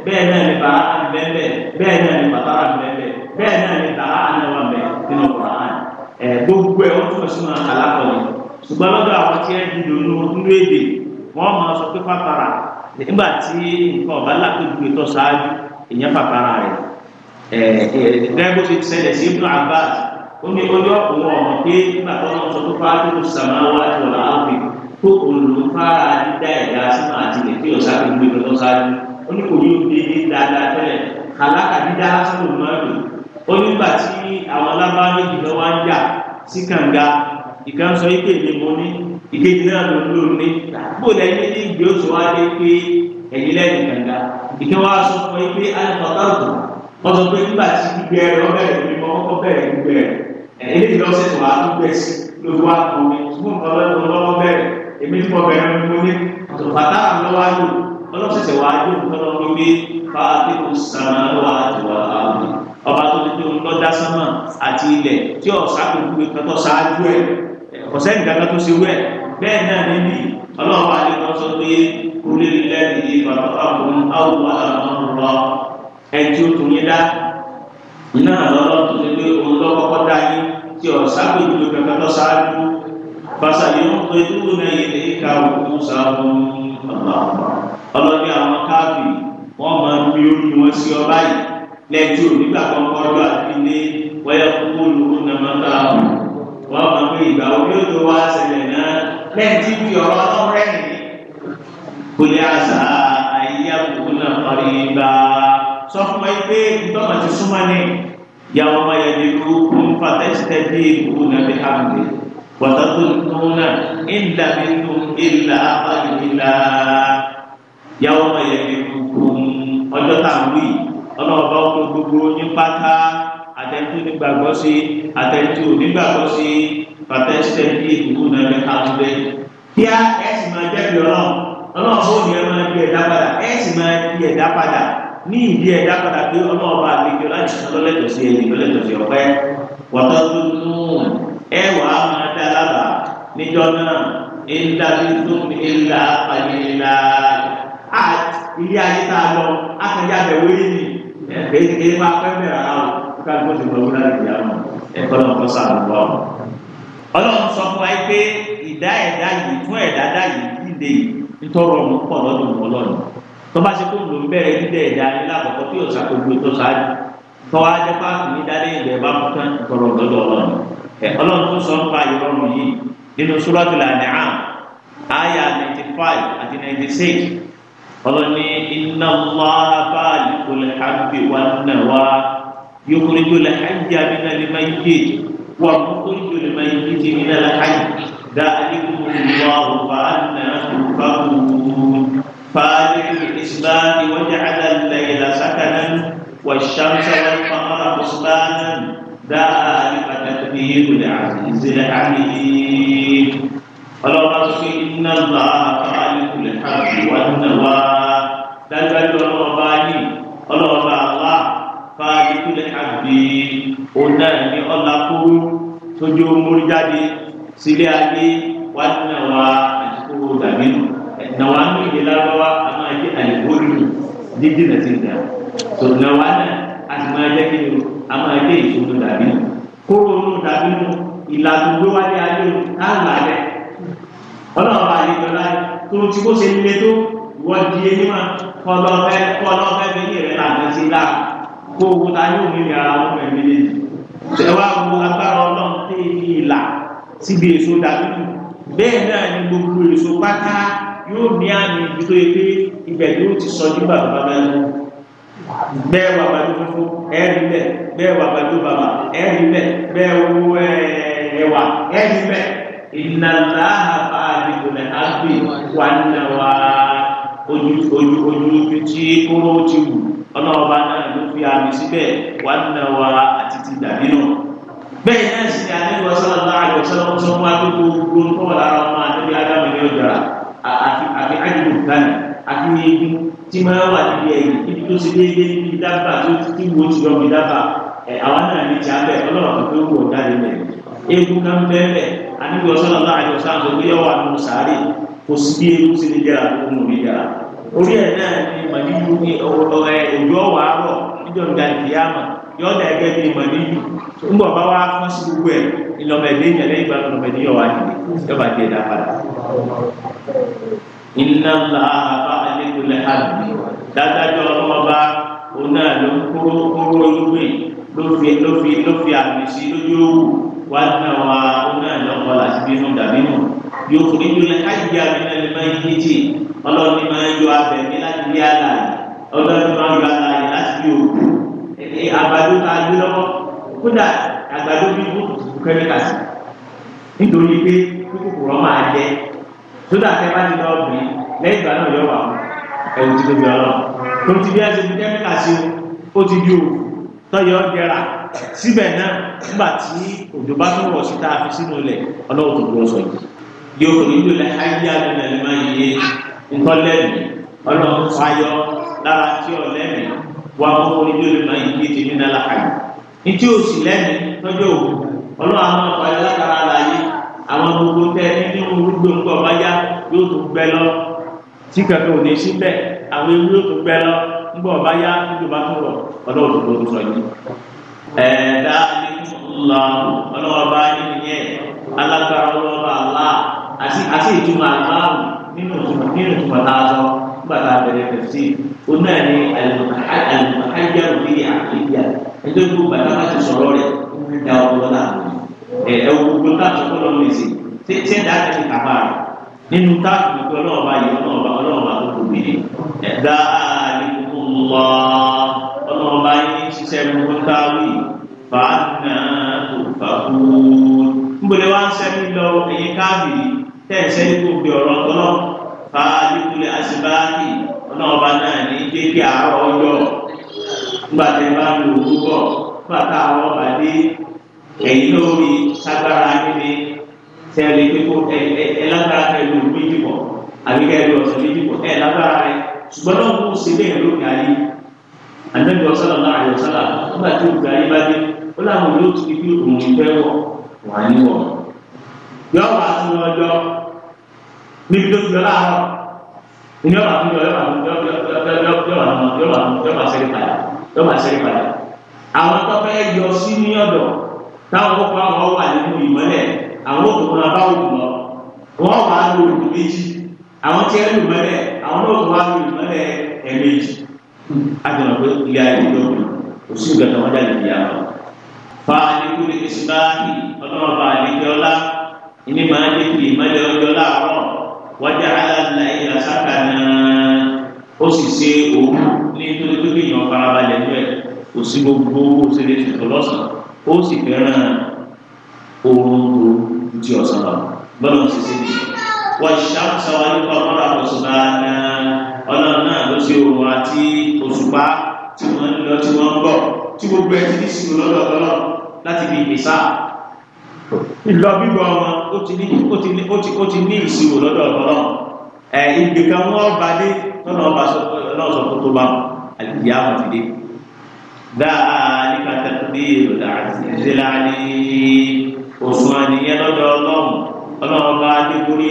bẹ́ẹ̀ náà ni bàrà bẹ́ẹ̀ bẹ́ẹ̀ náà ni bàbára bẹ́ẹ̀ bẹ́ẹ̀ náà ni dàrá ànáwà bẹ́ẹ̀ nínú kùrán ẹ̀ gbogbo ẹ̀ wọ́n tún fẹ́ sínú kàlákà ni ṣùgbọ́n lọ́dọ̀ àwọn tí ẹ̀ dìde nínú èdè wọ́n máa sọ pé pàpàrà nígbà tí nǹkan ọ̀bá lápẹ̀jù ètò ṣáájú ìyẹn pàpàrà rẹ̀ gẹ́gbó ti ṣẹlẹ̀ sí ibùdó àgbà ó ní ọjọ́ òun ọ̀mọ̀ pé nígbà tó tó olùfara dídá ẹ̀dá sínú àti lè fi ọ̀sá gbogbo ìtọ́tọ́ sáájú ó ní kò yí ó dé dáadáa tẹ́lẹ̀ kàlákà dídá sínú mọ́ọ̀lù ó nígbà tí àwọn alábá méjì lọ wá ń jà sí kànga ìkan sọ pé èmi mo ní ìkejì náà ló ló ní bó lẹ́yìn ní ìgbé oṣù wa dé pé ẹ̀yìn lẹ́yìn kànga ìkan wá sọ fún pé alifọ̀tàrù wọ́n sọ pé nígbà tí gbígbẹ rẹ̀ ọ bẹ̀rẹ̀ ní mọ́ ọ bẹ̀rẹ̀ gbígbẹ rẹ̀ ẹ̀yìn lè lọ sí ìwà tó bẹ̀ sí lójú wa mi ṣùgbọ́n kọ́ lọ́wọ́ bẹ̀rẹ̀ èmi ń bọ̀ bẹ̀rẹ̀ mú ní bàtà lọ́wọ́ àjò ọlọ́sẹ̀sẹ̀ wà ájò lọ́wọ́ gbogbo fàáfi kò sàmà lọ́wọ́ àjò wà áwọ̀ ọba tó ti tó lọ́dá sánmà àti ilẹ̀ tí ọ̀sá kò gbé kẹtọ́ sáájú ẹ̀ ọ̀sẹ́ nǹkan tó ṣe wẹ̀ bẹ́ẹ̀ náà níbi ọlọ́wọ́ àjò lọ sọ pé kúlé lẹ́yìn ìbàbà ọ̀hún àwọ̀ àmọ́ ẹ̀jú tó Bahasa Yunani itu guna ini kaum musafir Allah. Allah ni àwọn káàbì wọn máa ń fi orí wọn sí ọba yìí lẹ́jọ́ nígbà kan kọjọ àti ilé wọ́yẹ kókó lòó nàmọ́ta wọn máa ń pè ìgbà orí odò wa ṣẹlẹ̀ náà lẹ́yìn tí fi ọ̀rọ̀ ọlọ́rẹ́ nìyí. Kòlẹ́ àṣà àyíyá kókó náà parí bá sọ fún wa pé ìtọ́nà ti súnmọ́ ni ìyàwó ọmọ yẹn ní kókó ń fa bí ìkókó náà bí hàmìlẹ́. وتظنون إن لبثتم إلا قليلا يوم يجدكم ọjọ́ tá a wí ọlọ́ọ̀bá ọkọ̀ gbogbo yín pátá àtẹ̀tù nígbàgbọ́ sí àtẹ̀tù nígbàgbọ́ sí pàtẹ́sítẹ́ ní ìlú náà ní àtúndé. kí á ẹ sì máa jẹ́bi ọlọ́run ọlọ́run bó ni ẹ máa di ẹ̀dá padà ẹ sì máa di ẹ̀dá padà ní ìdí ẹ̀dá padà pé ọlọ́ọ̀bá àgbègbè láti sọ lọ́lẹ́tọ̀sí ẹ̀dí lọ́lẹ́tọ̀sí ọ̀pẹ́ wàtọ́tún nù ẹwà máa dá lábàá níjọ náà ìdájú tó ìlà pàdínlá ilé ayé tá a lọ akẹ́kẹ́ àbẹ̀wò yìí ni ẹ̀kẹ́ ti kéde máa fẹ́ bẹ̀rẹ̀ ara o ká ló ti gbọ́ wúlá ìyá wọn ẹ̀kọ́ náà kọ́ sáà lọ́wọ́. ọlọ́run sọ fún wa pé ìdá ẹ̀dá yìí fún ẹ̀dá dá yìí dídé yìí nítorí ọ̀run pọ̀ lọ́dún ọlọ́run tó bá ṣe kó ló ń bẹ̀rẹ̀ dídé ẹ̀dá yìí lákòókò tí yóò ṣàkóso tó ṣáájú tọ́wọ́ ajẹ́pá àfìní dálé ìgbẹ́ bá mú tán ìtọ́rọ̀ lọ́dọ̀ ọlọ́run ọlọ́run tó sọ nípa ìrọ̀rùn yìí nínú Suratul An'am àyà ninety five àti ninety six ọlọ́run ní inna Allaha faliqul habbi wan nawa yukhrijul hayya minal mayyit wa mukhrijul mayyita minal hayy ذلكم الله فأنا تؤفكون فارق الإسلام وجعل الليل سكنا والشمس والقمر حسبانا ذلك التدبير العزيز العليم ọlọ́run sọ iná bá àkàlùkù lè ká bí wà nínú wa dájúdájú ọlọ́run bá ní ọlọ́run bá wà fàájúkù lè ká bí òun náà ní ọ̀là kúrú tójú mórí jáde sílé ayé wà nínú wa àdìkú dàbí nù nàwa nù ìdè lárúbáwá a máa jẹ àlùkòrò dídì nà ti dà tó nàwa náà a sì máa jẹ kí ni a máa jẹ ìṣòro dàbí nù kótó nù dàbí nù ìlànà gbé wáyé ayé nù láàlà rẹ ọlọ́ọ̀bà àlejò láyé tó ti kó ṣe lé tó wọ́n di ẹni máa kọ́ lọ́fẹ́ kọ́ lọ́fẹ́ fi ní ìrẹ́lá àti ti dá kó owó ta yóò mú ìrìn ara wọn pẹ̀lú ilé ẹ wá wo agbára ọlọ́run tẹ́ ní ìlà síbi èso dàbí nù bẹ́ẹ̀ náà ni gbogbo èso pátá yóò ní àmì ibi tó yẹ ibẹ̀ yóò ti sọ nígbà tó bá bẹ́ẹ̀ bẹ́ẹ̀ wà bàdó fúnfún ẹ̀rí bẹ́ẹ̀ bẹ́ẹ̀ wà bàdó bàbà ẹ̀rí bẹ́ẹ̀ bẹ́ẹ̀ wú ẹ̀wà ẹ̀rí bẹ́ẹ̀ ìnàlá àbáàdìgbò ní àgbè wà nínú wa ojú tí kóró ti wù ọlọ́ọ̀bá náà ló fi àmì síbẹ̀ wà nínú wa àti ti dàbí bẹ́ẹ̀ náà sì ni gbogbo ọmọ tí máa wà níbi ẹ̀yìn níbi tó ṣe déédéé níbi dábàá tó ti wo ti lọ bí dábàá ẹ̀ àwọn náà ní ti abẹ́ ọlọ́run tó wù ọ́ jáde mẹ́. eégún kan bẹ́ẹ̀ aníbi ọ̀sán ọ̀la àjọ sáà tó yẹ wà nù sáré kò sí bí eégún sí ní jẹ́ra tó kún mi jẹ́ra. orí ẹ̀ náà ni màdíjú ní òjò ọ̀wà àárọ̀ níjọ́ ìgbà ìkìyàmà yọ da ẹgbẹ́ bíi mọ̀lẹ́yìn ńgbọ̀ bá wá fún sí gbogbo ẹ̀ ìlọ́mẹ̀lẹ́ ìyẹ̀lẹ́ ìgbà lọ́mẹ̀lẹ́ yọ̀ wá nílé yọba díẹ̀ dá padà. iná ńlá bá kulẹ̀ àbí dájájọ́ ọlọ́mọba òun náà ló ń kóró kóró irúgbìn ló fi ló fi wa fi àmì sí lójú owó wá náà wá òun náà lọ́kọ́ láti bínú dàbí nù lima fún ibi lẹ káyìí àmì náà lè máa yí méjì ọlọ́ọ̀ni máa yọ abẹ̀mí láti bí àlàyé ọlọ́ọ̀ni máa yọ àlàyé láti bí òkú àgbàdo ta gbé lọ́wọ́ kódà àgbàdo bí kẹ́míkà sí nítorí pé kókòrò máa jẹ sódà tẹ bá ti lọ bìí lẹ́yìn ìgbà náà yọ wà wọn ẹni tí gbogbo ọlọ́ tó ti bí ẹsẹ̀ kẹ́míkà sí o ó ti di òkú tọ́yọ̀ ọ̀gẹ́ra síbẹ̀ náà nígbà tí òjò bá tó wọ̀ sí tá a fi sínú ilẹ̀ ọlọ́wọ́ tó gbọ́ sọ yìí yóò fò nílò lẹ́ háyà nínú ẹ̀ máa yẹ e. nǹkan lẹ́mìí ọlọ́wọ́ fayọ lára tí ọ̀ lẹ́mìí wà wọ́n fò nílò lẹ́ máa yẹ ti nínú alákàyè ní tí o sì lẹ́mìí tọ́jú òkú ọlọ́wọ́ àwọn ọ̀pọ̀ tí kankan ò ní síbẹ̀ àwọn ewúro tó gbẹ lọ ńgbọ́ ọba yá nígbà bá tó rọ̀ ọ̀dọ́ òdòdó tó sọ yìí. ẹ̀ẹ́dá ní ńlá ọlọ́ọ̀bá nínú yẹn alágbára ọlọ́ọ̀bá àlá àti ìtumọ̀ àláàrùn nínú ìtumọ̀ láàzọ nígbà tá a bẹ̀rẹ̀ fẹ̀sí oní ẹ̀rí àlùmọ̀hájà òbí àkìlíyà ẹjọ́ gbogbo bàtà láti sọ̀rọ̀ rẹ̀ ń da ọgbọ́n láàrin ẹ̀ ẹ̀ nínú táàbù pé ọlọ́run bá yẹ ọlọ́run bá ọlọ́run bá tó tóbi ni ẹ̀dá àlekún lọ ọlọ́run bá yẹ ṣiṣẹ́ gbogbo táwì fàánà tó fàkú. nbọ̀dẹ̀ wá ń sẹ́mi lọ ẹ̀yìn káàbì tẹ̀sẹ̀ ikú bí ọ̀rọ̀ tọ́lọ́ fàálùkulẹ̀ àṣìbáàkì ọlọ́run bá náà ní dédé àárọ̀ ọjọ́ gbàtẹ́ bá lò ó bọ̀ gbàtà àwọn tẹ̀lé pípọ̀ ẹ ẹ lágbára kẹlu méjì pọ̀ àbí kẹlu ọ̀sẹ̀ méjì pọ̀ ẹ lágbára rẹ ṣùgbọ́n náà kò sí bẹ́ẹ̀ lónìí ayé ànábi ọ̀sán ọ̀la àyè ọ̀sán là nígbà tí òkè ayé bá dé ó láwọn yóò ti fi òun ìfẹ́ wọ̀ wà ní wọ̀ yọ wà fún ọjọ́ níbi tó fi ọ láàárọ̀ ní ọba fún yọ yọba fún yọba fún yọba sẹ́rí padà yọba sẹ́rí padà àwọn tó fẹ́ yọ sí ní ọ̀dọ̀ táwọn kókó àwọn wà nínú ìmọ́lẹ̀ àwọn òkùnkùn abá òkùn lọ wọn ò máa lo òkùn méjì àwọn tí ẹ lù mọ́lẹ̀ àwọn náà kò wá lo òkùn mọ́lẹ̀ ẹ méjì àtọ̀nà pé ilé ayé ló kù kò sí ìgbà tó wọ́n dà lóbi àwọn. fa àdínkù lè fi síbáàkì ọlọ́run bá àdínkù ọlá ìní máa ń débi ìmọ̀lẹ̀ ọjọ́ láàárọ̀ wájà aláàlá ìlà sákàná ó sì ṣe òun ní nítorí tó bí ìyàn farabalẹ̀ tí ọ̀sán lọ bọ́lá ń ṣiṣẹ́ nìyẹn. wọ́n ṣàkóso àwọn nípa ọmọdé àkóso dáadáa ọlọ́run náà ló ṣe òun àti òṣùpá tí wọ́n ń lọ tí wọ́n ń bọ̀ tí gbogbo ẹ̀ ti ní sinmi lọ́dọ̀ ọlọ́ láti fi ìgbésà ìlọ bíbọ wọn ó ti ní ìsinmi lọ́dọ̀ ọlọ́ ẹ̀ ìgbèkan wọn bá dé tọ́nà ọba sọ kó tó bá àlìyá wọn ti dé. dáa nípa tẹ̀kùdí ìrọ̀lá àti ìdílé àlè. òsùn àníyàn lọ́dọ̀ ọlọ́run ọlọ́run ọba adégorí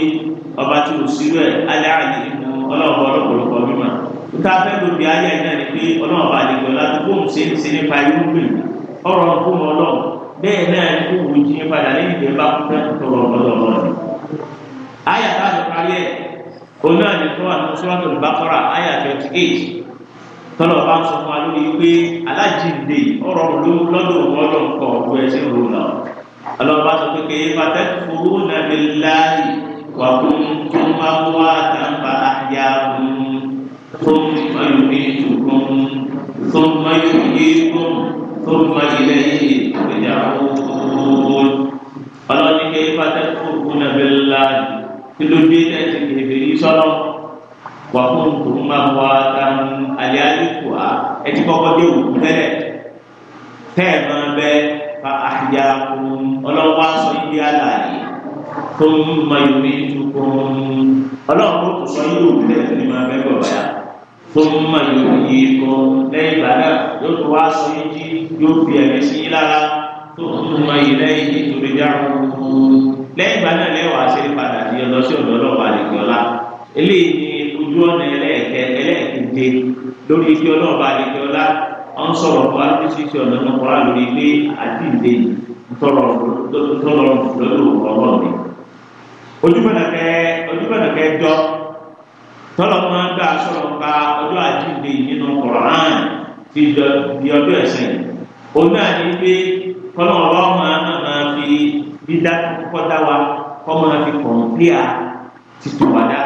ọba tí kò sí rẹ̀ aláàyè nínú ọlọ́run ọba ọlọ́pọ̀lọpọ̀ mímọ́ níta fẹ́ lóbi ayé náà ni pé ọlọ́run ọba àdégorí láti bóun ṣe ń ṣe nípa irúgbìn ọrọ̀ fún ọlọ́run bẹ́ẹ̀ náà ni padà lẹ́yìn bá kú fẹ́ parí ẹ̀ ọlọ́ba sọ pé kéé fatẹ́ kúrú nàbí láàyè wà kún kún máa wá àtàǹfà àyà ọ̀hún fún mayùmí tukùn fún mayùmí kún fún mayìlẹ̀ yìí ìjà ọ̀hún. ọlọ́ni kéé fatẹ́ kúrú nàbí láàyè kí ló dé tẹ̀sí kébé yìí sọ́lọ́ wà kún kún máa wá àtàǹfà àyà ìkùà ẹ ti kọ́kọ́ dé òkú tẹ́lẹ̀ tẹ́ẹ̀ máa bẹ́ẹ̀ fa àyà kún ọlọ́wọ́ aṣọ ibi àlàyé tó ń mọ ìwé tukùn ọlọ́wọ́ kò sọ yóò wulẹ̀ ní ma fẹ́ bọ̀ báyà tó ń mọ ìwé yìí kọ lẹ́yìn ìgbà náà yóò tó wá aṣọ yìí yóò fi ẹ̀mí sí yín lára tó ń mọ ìwé yìí tó lè dáhùn lẹ́yìn ìgbà lẹ́wọ̀ àṣẹ padà ní ọlọ́sí ọ̀dọ́ ọlọ́wọ́ àdìgbọ́lá eléyìí ni ojú ọ̀nà ẹlẹ́ẹ̀kẹ́ ẹlẹ́ẹ̀kẹ́ lórí ibi ọlọ́ọ̀bá àdìgbọ́lá ọ̀n sọ̀rọ̀ fún arísísí ọ̀nà ọ̀pọ̀lá lórí pé àdìndé ntọ́rọ̀ lọ́dọ̀ ọ̀rọ̀ mi. ojúbọ̀dàkẹ́ ojúbọ̀dàkẹ́ jọ tọ́lọ̀ máa ń gbà sọ̀rọ̀ pa ọjọ́ àdìndé nínú Kùránì ti di ọdún ẹ̀sìn. òun náà ní pé kọ́nà ọ̀rọ̀ máa máa fi dídá kọ́kọ́ dá wa kọ́ máa fi kọ̀ǹpìà ti tọ̀ wá dá.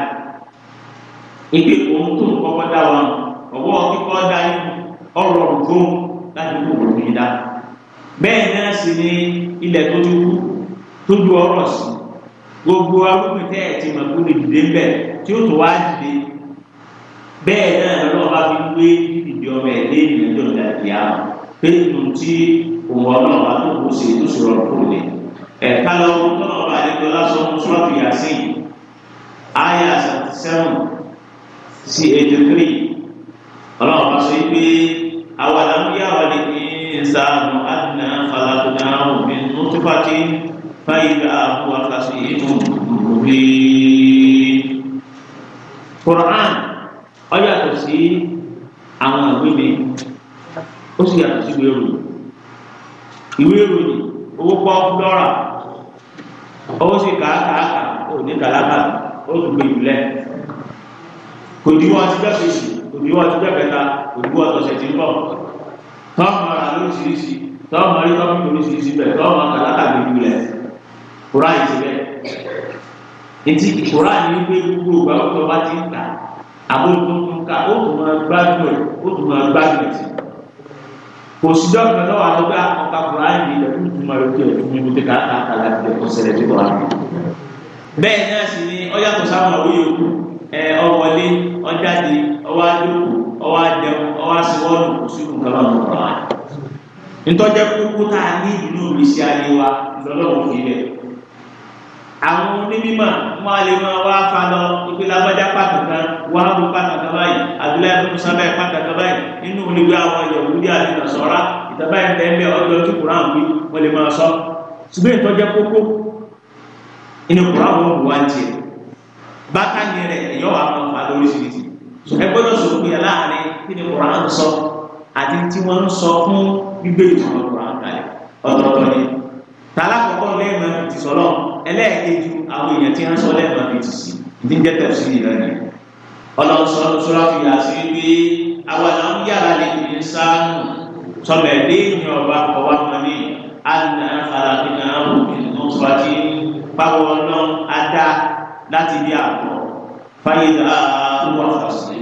ìgbè òun tó kọ́kọ́ dá wa ọ̀wọ́ kíkọ́ dá yín ọ̀rọ̀ ọ̀gbọ́n láti kó òkú yìí dá bẹ́ẹ̀ náà sì ni ilẹ̀ tó ti kú tó ju ọ̀rọ̀ sí gbogbo arúgbìn tẹ́ ẹ̀ ti mọ̀ kó lè dìde ńbẹ̀ tí ó tó wá dìde bẹ́ẹ̀ náà lọ́wọ́ bá fi gbé ìdí ọmọ ẹ̀ lé ìrìnàjò ìdàkìá pé nù tí òun ọlọ́wọ́ bá tó kó ṣe tó ṣe rọrùn kó lè ẹ̀ka lọ́wọ́ tọ́lọ́wọ́ bá yẹ kó lásán sọ́ọ̀tù yà sí àyà seventy sí eighty three ọlọ́wọ́ bá sọ pé. أولم ير الإنسان أنا خلقناه من نطفة فإذا هو خصيم مبين Quran ó yàtọ̀ sí àwọn ìwé mi ó sì yàtọ̀ sí ìwé ìròyìn ìwé ìròyìn owó pọ́ lọ́ra owó sì kàákàá ò ní kàlákà ó dùgbò ìbílẹ̀ kò díwọ́ ọtí bẹ́ẹ̀ kejì kò díwọ́ ọtí bẹ́ẹ̀ kẹta òdúgbò ọ̀tọ̀ọ̀sẹ̀ ti ń bọ̀ tọ́ọ̀mù ara lóríṣiríṣi tọ́ọ̀mù rí tọ́ọ̀mù lóríṣiríṣi bẹ̀ tọ́ọ̀mù àkàlàkà gbogbo rẹ̀ kúrá yìí ti bẹ̀ etí kúrá yìí gbé gbogbo ìgbà tó bá ti ń ta àbójútó ń ka ó tún máa gbádùn ẹ̀ ó tún máa gbádùn ẹ̀ sí kò sí dọ́kítà náà wà ló bá ọkà kúrá yìí lẹ̀ fún ìtumọ̀ rẹ̀ kí ẹ̀ fún àkàlà ti bẹ̀ kọ́sẹ̀lẹ̀ tó wà bẹ́ẹ̀ náà sì ni ọ yàtọ̀ sáwọn òye òkú ẹ ọ wọlé ọ ọwọ́ àdẹ̀wò ọwọ́ àṣewọ́nù kò sí kùn kọ́lọ́ ọ̀nà ọ̀rọ̀ àyè. ntọ́jà kúkú tá a ní ìlú ìrísí ayé wa lọ́lọ́wọ́ fi lẹ̀. àwọn onímọ̀ wọn lè máa wá fa lọ ibi lábájá pàtàkì wọn àwọn pàtàkì báyìí àdúrà ẹ̀dùn sábẹ́ pàtàkì báyìí nínú onígbé àwọn yahudi àti nasọ́ra ìtàbá ẹ̀ńtẹ́ńbẹ́ ọjọ́ tí kùrán wí wọ́n lè máa sọ. ṣùgbọ́n ìtọ́jà kókó inú kùrán wọn wù wá tiẹ̀ bákan rẹ̀ ẹ̀yọ́ wà máa fà lóríṣiríṣi ẹ gbọ́dọ̀ sọ pé aláàárín kí ni Quran sọ àti tí wọ́n ń sọ fún gbígbé ìtumọ̀ Quran kalẹ̀ ọ̀tọ̀ọ̀tọ̀ ni tàlákọ̀ọ́kọ́ lẹ́ẹ̀mọ́ ti sọ̀rọ̀ ẹlẹ́ẹ̀kejì àwọn èèyàn tí wọ́n sọ lẹ́ẹ̀mọ́ ti sì ní jẹ́ tẹ̀sí ìrẹ́ ni ọlọ́run sọ̀rọ̀ sọ̀rọ̀ fi yà sí pé àwọn àwọn yàrá lè fi sáánù sọ̀rọ̀ ẹ̀dẹ́ ìyẹn ọba ọba mọ́ni àdínà fàlàbínà òkè nùfàtí báwọn náà á dá láti bí àpọ̀ fàyèdà wà fàṣẹ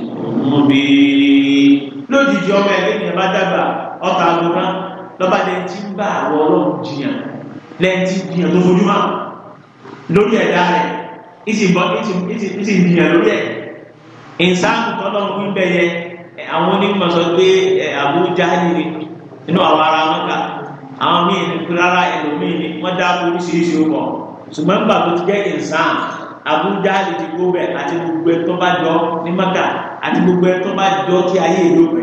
mọbi lójijì ọmọ ẹgbẹ́ yẹn bá dàgbà ọkà àgùnà lọba lẹni tí ń bá àwọ Ọlọ́run jiyàn lẹni tí ń jiyàn tó fojú mọ lórí ẹ̀dá rẹ̀ ìsìnbọn ìsìnbìyàn lórí ẹ ìsáàkù tọlọ́run fún bẹyẹ àwọn onímọ̀ sọ pé àbújá nìyí inú àwọn ará wọn kà àwọn míì rárá ẹlòmíì wọn dá oríṣiríṣi ọkọ ṣùgbọ́n nígbà tó ti jẹ́ ìsáàkù àbújá lè ti gbó bẹ àti gbogbo ẹ tó bá jọ ní maka àti gbogbo ẹ tó bá jọ tí ayé ìlú bẹ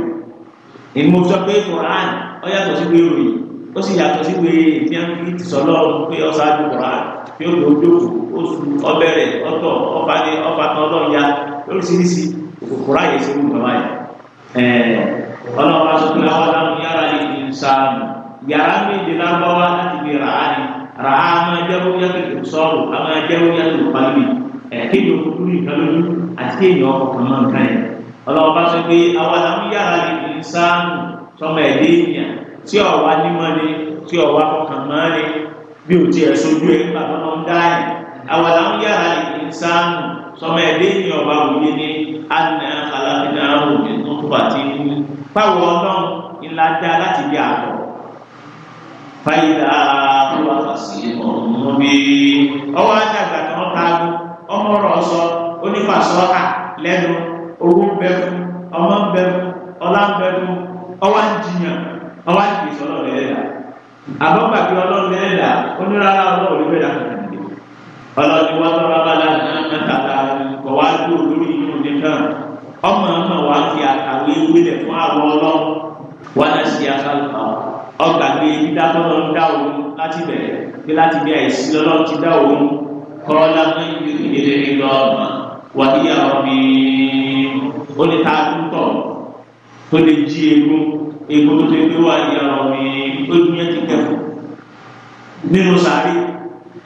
èmi mo sọ pé koran ó yàtọ̀ sí pé òye ó sì yàtọ̀ sí pé ìfihàn ti sọ lọ́rùn pé ọ̀sáájú koran fi ó lò ó dòfò oṣù ọbẹ̀rẹ̀ ọtọ̀ ọfàdé ọfàtọ̀ ọlọ́ọ̀ya lóríṣiríṣi koran yẹn ṣe wù bàbá yẹn ọlọ́ọ̀bá sọ pé àwọn aláwọ̀ yàrá yìí ń sáà yàrá méje lábáwá láti fi rà á ni ràá máa jẹ́ wọ́n yàtọ̀ tó sọ̀rọ̀ a máa jẹ́ wọ́n yàtọ̀ tó pàlùbí àti kéèyàn ọkọ̀ kan máa ń ká yẹn sọ pé àwọn àwọn yàrá ni kì í sáàmù sọmọ ẹ̀dẹ́ ènìyàn tí ọ̀wá nímọ̀ ni tí ọ̀wá kọkàn máa ni bí o tiẹ̀ sojú ẹ̀ nígbà tó lọ ń dá yẹn àwọn àwọn yàrá ni kì í sáàmù sọmọ ẹ̀dẹ́ ènìyàn ọba òye ni àná alábìnrin àwọn òbí tó tó bá ti ń báwo ọlọ́run ńlá láti bí àbọ̀ fáyidà wà fàṣílẹ̀ ọ̀hún bí ọwọ́ àjàgbà tó ń ta agbó ọmọ ọ̀rọ̀ sọ onífàṣọ́kà lẹ́nu owó ń bẹ fún ọmọ ń bẹ fún ọlá ń bẹ fún ọwọ́ ń jiyàn ọwọ́ ń pèsè ọlọ́run lẹ́yà àbọ̀gbà bí ọlọ́run lẹ́yà onírara ọlọ́run lè bẹ̀rẹ̀ ọlọ́run wá lọ́wọ́ bá lánàá nàkàtà kọ̀ wá dúró lórí inú nìkan ọmọ ọmọ wa fi àkàwé wílẹ̀ fún àwọn ọlọ́run wá náà ṣe àkàlùkà wọn ọgbàgbé dídá tọ́lọ́ ń dá òun láti bẹ̀rẹ̀ pé láti bí àìsí lọ́lọ́run ti dá òun kọ́ lápẹ́ ìdílé nígbà ọ̀nà wà níyà ọ̀bí ó ní ta túntọ̀ tó lè jí egun egun tó lè gbé wà níyà ọ̀bí ó ní yẹn ti kẹfù nínú sàárè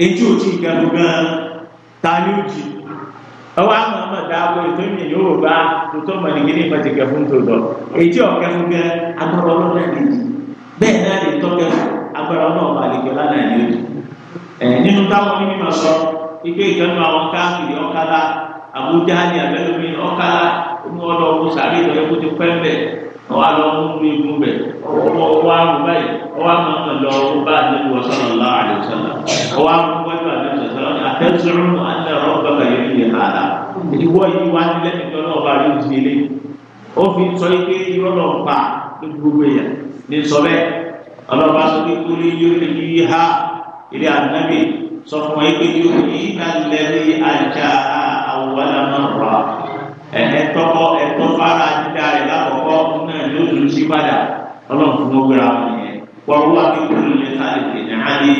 etí ò tí ì kẹfù gan-an ta ni ó jì ọwọ́ àwọn ọmọ ìdáàbò ètò ìyẹn yóò bá tó tó mọ̀ nígbìn ní ìpàtẹ́kẹ̀ fún tòótọ́ etí ọ̀kẹ́ fún gẹ́ agbára ọlọ́dẹ nìyí bẹ́ẹ̀ náà lè tọ́kẹ́ agbára ọlọ́run àlejò lánàá yìí ó ẹ̀ nínú táwọn onímọ̀ sọ ike ìkànnì àwọn káàkiri ọ̀kadà àbújá ní abẹ́lómi ọ̀kadà ọmọdé ọmọ sàrí ìtọ́jú kó ti pẹ́ mbẹ́ ọwọ́ àlọ́ ọmọdé egun bẹ̀ ọwọ́ ọwọ́ àrùn báyìí ọwọ́ àmọ́ lọ bá àdébù ọ̀sánlá àdébùsánlá ọwọ́ àrùn wájú àdébùsánlá àtẹ́sọ̀rọ̀ àtẹ̀rọ̀ ọ̀gbàgbà yẹn ní ìhàlà ìwọ yìí wá nílẹ̀ lójú gbogbo èèyàn ní sọ bẹ́ẹ̀ ọlọ́ba sọ pé kúlí yóò fi yí ha ilé ànábì sọ fún wọn pé yóò yí iná lẹ́rí ajá àwọn ọ̀rọ̀ ẹ̀ẹ́dọ́kọ́ ẹ̀tọ́ fara dídá rẹ̀ lákọ̀ọ́kọ́ náà ló lù sí padà ọlọ́run fún wọn gbéra wọn yẹn wọ́n wá bí kúlí lè ká lè dènà áyé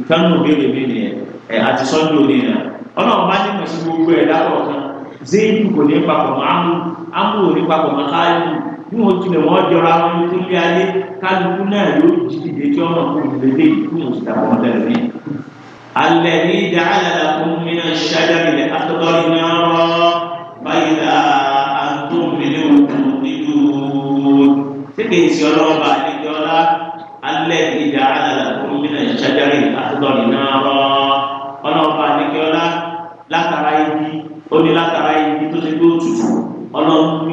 ìkànnì òbèrè mi nìyẹn ẹ̀ àti sọ́ńdọ̀ òní náà ọlọ́run bá ní mọ̀ gbogbo ẹ̀ dákọ̀ọ̀kan zéyìn kò ní papọ̀ mọ́ bí wọ́n tilẹ̀ wọ́n jọra wọn ní sílé ayé kálukú náà yóò jí dìde tí wọ́n kó ìdílé yìí fún mùsùlùmí àwọn ọ̀dọ́ rẹ̀ alẹ́ ní ìdá àlàlà fún mi náà ṣáájà mi lẹ̀ akọ́tọ́rì náà báyìí la àtó mi ní òkun nínú síbi ìsì ọlọ́ọ̀bà àdéjọ́lá alẹ́ ní ìdá àlàlà fún mi náà ṣáájà mi lẹ̀ akọ́tọ́rì náà rọ ọlọ́ọ̀bà àdéjọ́lá ní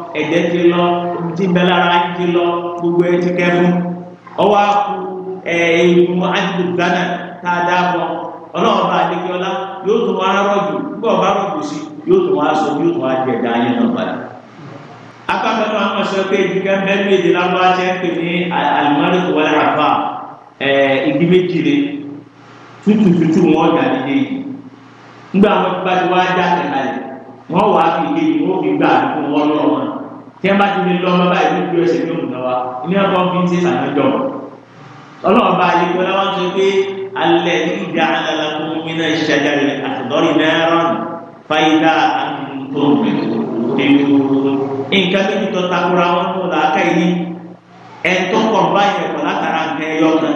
ẹ̀jẹ̀ ti lọ omi tí ń bẹ lára ti lọ gbogbo ẹ ti kẹfún ọwọ́ àkú ẹ̀ẹ́dùn àdìgbò gánà tá a dá bọ̀ ọlọ́run bá adékẹ́ ọlá yóò tún wá rọ́jò nígbà ọba rọ́jò sí yóò tún wá sọ yóò tún wá jẹ ẹ̀dá yẹn náà padà. akápẹ́nu àwọn sọ pé ìdíkẹ́ bẹ́ẹ̀ méje lábọ́ àti ẹ̀pẹ́ ní alimọ́lì tó wọlé àbá igi méjì rẹ̀ tútù tútù wọn dà nílé yìí nígbà wọn bá ti wá dá tẹ̀lé wọn wà á fi ilé yìí wọn fi gbà àdúgbò wọn lọ́wọ́ tí wọn bá ti lè lọ ọmọ báyìí lójú ẹsẹ̀ ní òun lọ́wọ́ ilé ọkọ fi ń ṣe sàmẹjọ Ọlọ́run bá yẹ pé wọn sọ pé alẹ nígbà alalakun mina ìṣàjà rẹ àtọdọrí náírà fàyídà àtúntò ètò nǹkan méjì tó takora wọn kó làákà yìí ẹ̀tọ́ kan báyìí ẹ̀kọ́ látara nǹkan ẹyọ kan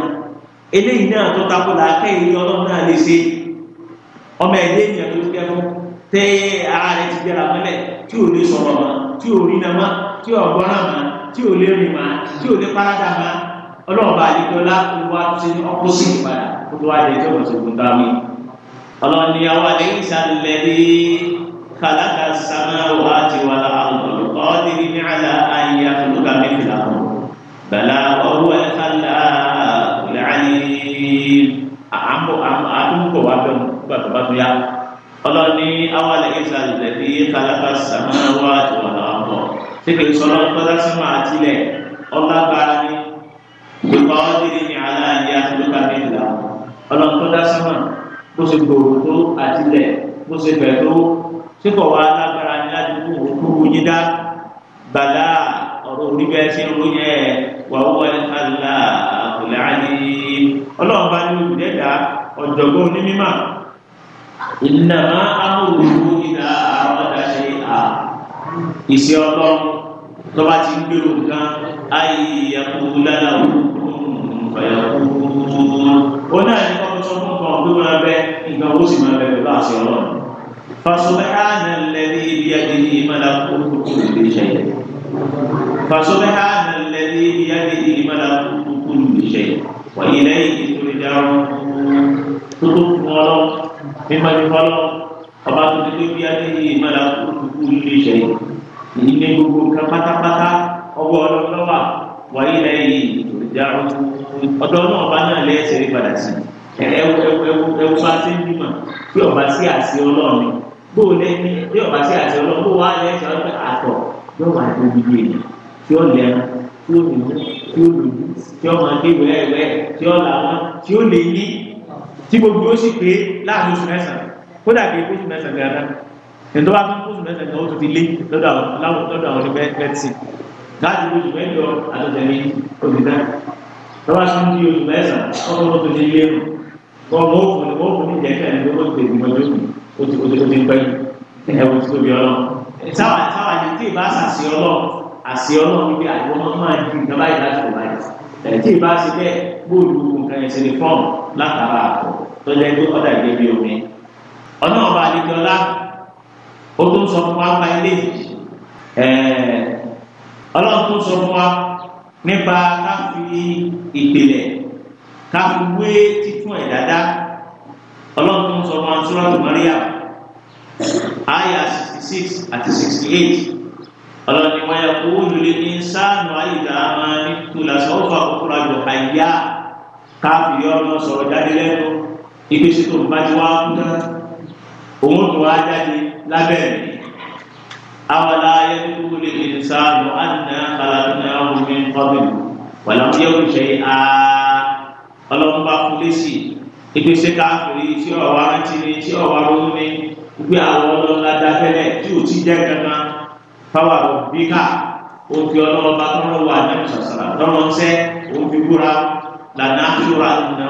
eléyìí náà tó takò làákà yìí Ọlọ́run náà lè ṣe ọmọ ẹdẹ ènìyàn tó ti kẹfọ tẹ ara rẹ ti jẹrà mọ́lẹ̀ tí ò lè sọ̀rọ̀ mọ́ tí ò rí nàmá tí ò gbọ́nà má tí ò lè rìn má tí ò lè parada má ọlọ́ọ̀bá àdìgbọ́lá olúwa ti ọ́pọ́sì ìpadà olúwa lè jẹ́ òṣègùn dáwé ọlọ́ni àwọn àdéhùn ìsàlẹ̀ rí kàlákà sàmáwò àti wàlà àwọn ọ̀ọ́dìrí ní àlà ayé àfẹnugà mẹ́fìlà wọn bàlá ọ̀rọ̀ ẹ̀kálà ọ̀lẹ́ àní àmúkọ̀ wà bẹ́ẹ̀ gbàgbọ́ bá tó yá ọlọ́ni awalẹ̀ ìta ìdẹ̀bí kálábà sàmáwá àtìwọ̀nà ọ̀pọ̀ síbi sọ̀rọ̀ tọ́lá sí máa tilẹ̀ ọlágbá ni ìgbà ọdún ní aláàyè àtúntà méjìlá ọlọ́ni tọ́lá sí máa bó ṣe gbòòrò tó àtilẹ̀ bó ṣe bẹ̀ tó ṣé kò wá lágbára ní ládùúgbò òkú yín dá bàlá ọ̀rọ̀ orí bẹ́ẹ̀ ṣe ń lóyè wà alá àbùlá àyè ọlọ́run bá ní olùdẹ́dà ọ̀jọ̀gbọ́n onímọ̀ ìnàmá amúlùmú ìdá àwọn ọ̀dà ṣe à ìṣe ọlọ́ tó bá ti ń gbèrò nǹkan ayé ìyàkùn lánàá òkùnkùn fàyàkùn ó náà ní kọ́kọ́ sọ fún kan pé máa bẹ nǹkan ó sì máa bẹ pẹ̀lú àṣẹ ọlọ́run fasubahana lẹ́ni ibi adìní ìmọ̀lá kókó kó lè ṣe yẹ fasubahana lẹ́ni ibi adìní ìmọ̀lá kókó kó lè ṣe yẹ wà yìí tó lè dáhùn fún ọlọ́run mímọ́ ní fọlọ́ ọba tó ti dé wíyá ní iye ìmọ̀lá kúrúkú lílé ìṣẹ̀yìn èyí ní gbogbo nǹkan pátápátá ọwọ́ ọlọ́lọ́wà wáyé lẹ́yìn ìjà ọdọ náà ọba náà lẹ́sẹ̀ rí padà sí ẹwú bá ti ń bímọ bí ọba sí àṣẹ ọlọ́ọ̀ni bóò lẹ́ni bí ọba sí àṣẹ ọlọ́ọ̀ni bóò wá lẹ́sẹ̀ ọlọ́ọ̀ni àtọ̀ yóò wà ní ibi yẹn tí ó lẹ́nu tí ó lùdú tí ó lùdú tí ó máa dé wẹ́ẹ́wẹ́ tí ó làwọn tí ó lè ní tí gbogbo ó sì pé láàrin oṣù mẹ́sàn-án kódà kí oṣù mẹ́sàn-án gàdá ẹ̀ńtọ́ bá fún oṣù mẹ́sàn-án kan ó tún ti lé lọ́dọ̀ àwọn ní mẹ́tì láti oṣù mẹ́jọ àtọ̀tẹ̀lé òdìdá lọ́wọ́ sí ní oṣù mẹ́sàn-án ọkọ̀ ó tún ti lé ẹ̀rù kọ́ ọmọ òfin ọmọ òfin ìjẹ́kẹ̀ ẹ̀ńtọ́ ó ti gbìmọ̀ lóṣù ó ti ó ti pẹ́ ẹ̀wọ̀n ti tóbi ọlọ́run táwa táwa ní tí ì tí ì bá ṣe bẹ́ẹ̀ bóòlù nǹkan ìṣẹ̀lẹ̀ fọ́ọ̀mù látara àpò tó jẹ́ pé ọ̀dà ìgbẹ́ bí omi. ọ̀nà ọba àdìjọlá ó tún sọ fún wa pa ilé ọlọ́run tún sọ fún wa nípa káfí ìpìlẹ̀ káfí wé títún ẹ̀ dáadáa ọlọ́run tún sọ fún wa sọ́rọ́ tó Maryam àyà sixty six àti sixty eight ọlọ́ni wọ́n yẹ kó lulẹ̀ ní sáànù ayélujára ní tùlàsọ́ fà kókòrò àjọ àyà káfíń ọmọ sọ̀rọ̀ jáde lẹ́nu ìgbésí tó bá ti wá kú náà òun tó wá jáde lábẹ́ mi. awàlá ayé kó lulẹ̀ ní sáànù àná kàlàdúnà omi kọ́bìn wàlá wọ́n yẹ kó ṣe á ọlọ́run bá kú lẹ́sì ìgbésí káfíń tí ọ̀wá rántí ni tí ọ̀wá ronú fáwọn àbíká òfin ọlọ́ọ̀bá tọ́lọ́ wà nínú sàṣàrà tọ́lọ́ ń sẹ́ òfin búra lànà àṣúra nà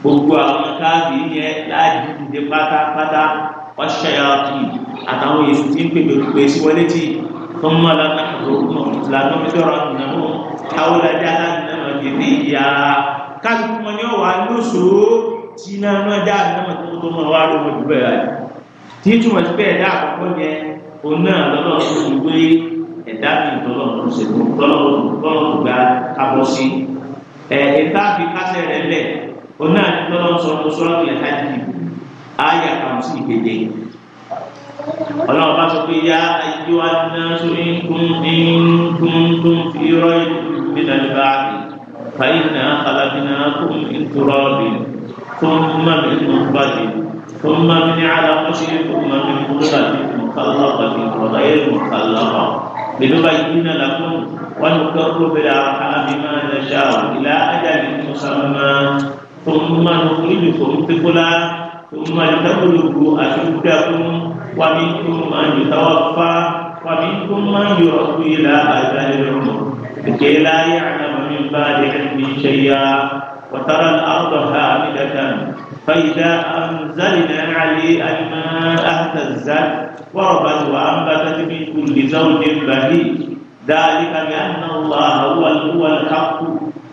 gbogbo àwọn káàbì yẹn láàjì dìde pátápátá ọ̀ṣẹ́ àti àtàwọn èsì tí ń pèpè pè sí wọlé tì fún mọ́ lànà àdókùnà lànà mẹ́tọ́ra nà mọ́ àwọn ìlàjà lànà mọ̀gẹ̀dẹ̀ ìyá káàbì wọn yóò wà lóṣòó tí náà náà dáa náà tó tó náà wà lóhùn jù bẹ́ẹ̀ tí túmọ̀ òun náà lọ́dọ̀ tó ti gbé ẹ̀dá mi tọ́lọ̀ tó ṣe tó tọ́lọ̀ tọ́lọ̀ tó gba kábọ̀ sí ẹ̀ ẹ̀dá fi kásẹ̀ rẹ̀ lẹ̀ òun ní tọ́lọ̀ sọ tó sọ́ọ́ ilẹ̀ hajj ayé àkàwọn sí ìgbèdè ọlọ́run bá sọ pé yá ayé wa ní sórí kúndínkúndún fi rọ́ ìdílé nígbà fàyínà alábìnà kún ìtúrọ́ọ̀bì kún mọ́mí nùbàdì kún mọ́mí ní alákòóṣe kún mọ́mí nùbàdì. مخلقة وغير مخلقة لنبين لكم ونقر بالأرحام ما نشاء إلى أجل مسمى ثم نخرجكم طفلا ثم لتبلغوا أشدكم ومنكم من يتوفى ومنكم من يرد إلى أجل العمر لكي لا يعلم من بعد علم شيئا وترى الأرض هامدة فإذا أنزلنا عليه الماء اهتزت وربت وأنبتت من كل زوج بهيج ذلك بأن الله هو هو الحق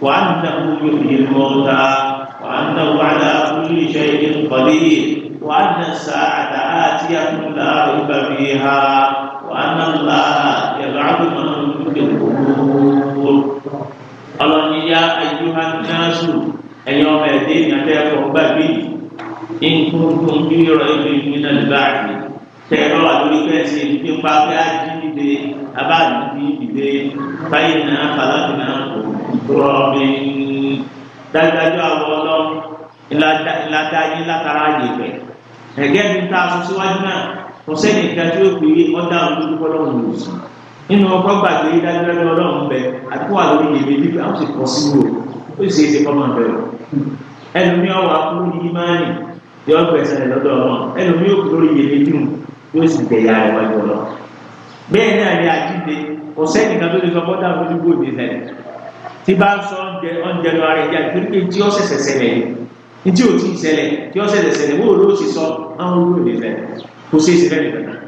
وأنه يحيي الموتى وأنه على كل شيء قدير وأن الساعة آتية لا ريب فيها وأن الله يبعث من في القبور قال يا أيها الناس ẹ̀yin ọmọ ẹ̀dẹ́ ìyàtọ̀ ẹ̀kọ́ gbàgbé nkunkun bí yọrọ ibi ìlú náà lè báyìí tẹ ẹ lọ́wọ́ àdúgbò kẹ́sì ní pápẹ́ ajínigbé abáàdúgbò ìdílé báyìí náà fàlàbí náà rọ mi dájúdájú àwọn ọlọ́run ìlàdáyé látara àyèpẹ̀ ẹ̀gẹ́ mi ta aṣọ síwájú náà kò sẹ́yìn ìdájú òkú yìí ọ̀dà òdúdú kọ́lọ́run lò sí nínú ọkọ̀ gbàgbé dájúdájú ọlọ́run bẹ àdúgbò àlọ́ ó sì ṣe kọ́ máa bẹ̀rù ẹlòmí ọwọ́ akúrú ní imáàní yọ gbẹ̀sẹ̀ rẹ̀ lọ́dọ̀ ọlọ́run ẹlòmí òkú lórí yẹlẹ dùn yóò sì gbẹ̀yà rẹ̀ wájú ọlọ́ bẹ́ẹ̀ náà ni àjíǹde kò sẹ́ni kan tó lè sọ bọ́dà fún dúgbò ní ilẹ̀ tí bá ń sọ oúnjẹ oúnjẹ lọ ara ẹ̀jẹ̀ àti pé tí ó ṣẹ̀ṣẹ̀ ṣẹlẹ̀ yìí tí ò tí ì ṣẹlẹ̀ tí ó ṣẹ̀ṣẹ̀ ṣẹlẹ̀ wọ́n ló ṣe sọ àwọn olú ìlú ìfẹ́ kò é ṣe fẹ́ nìkan náà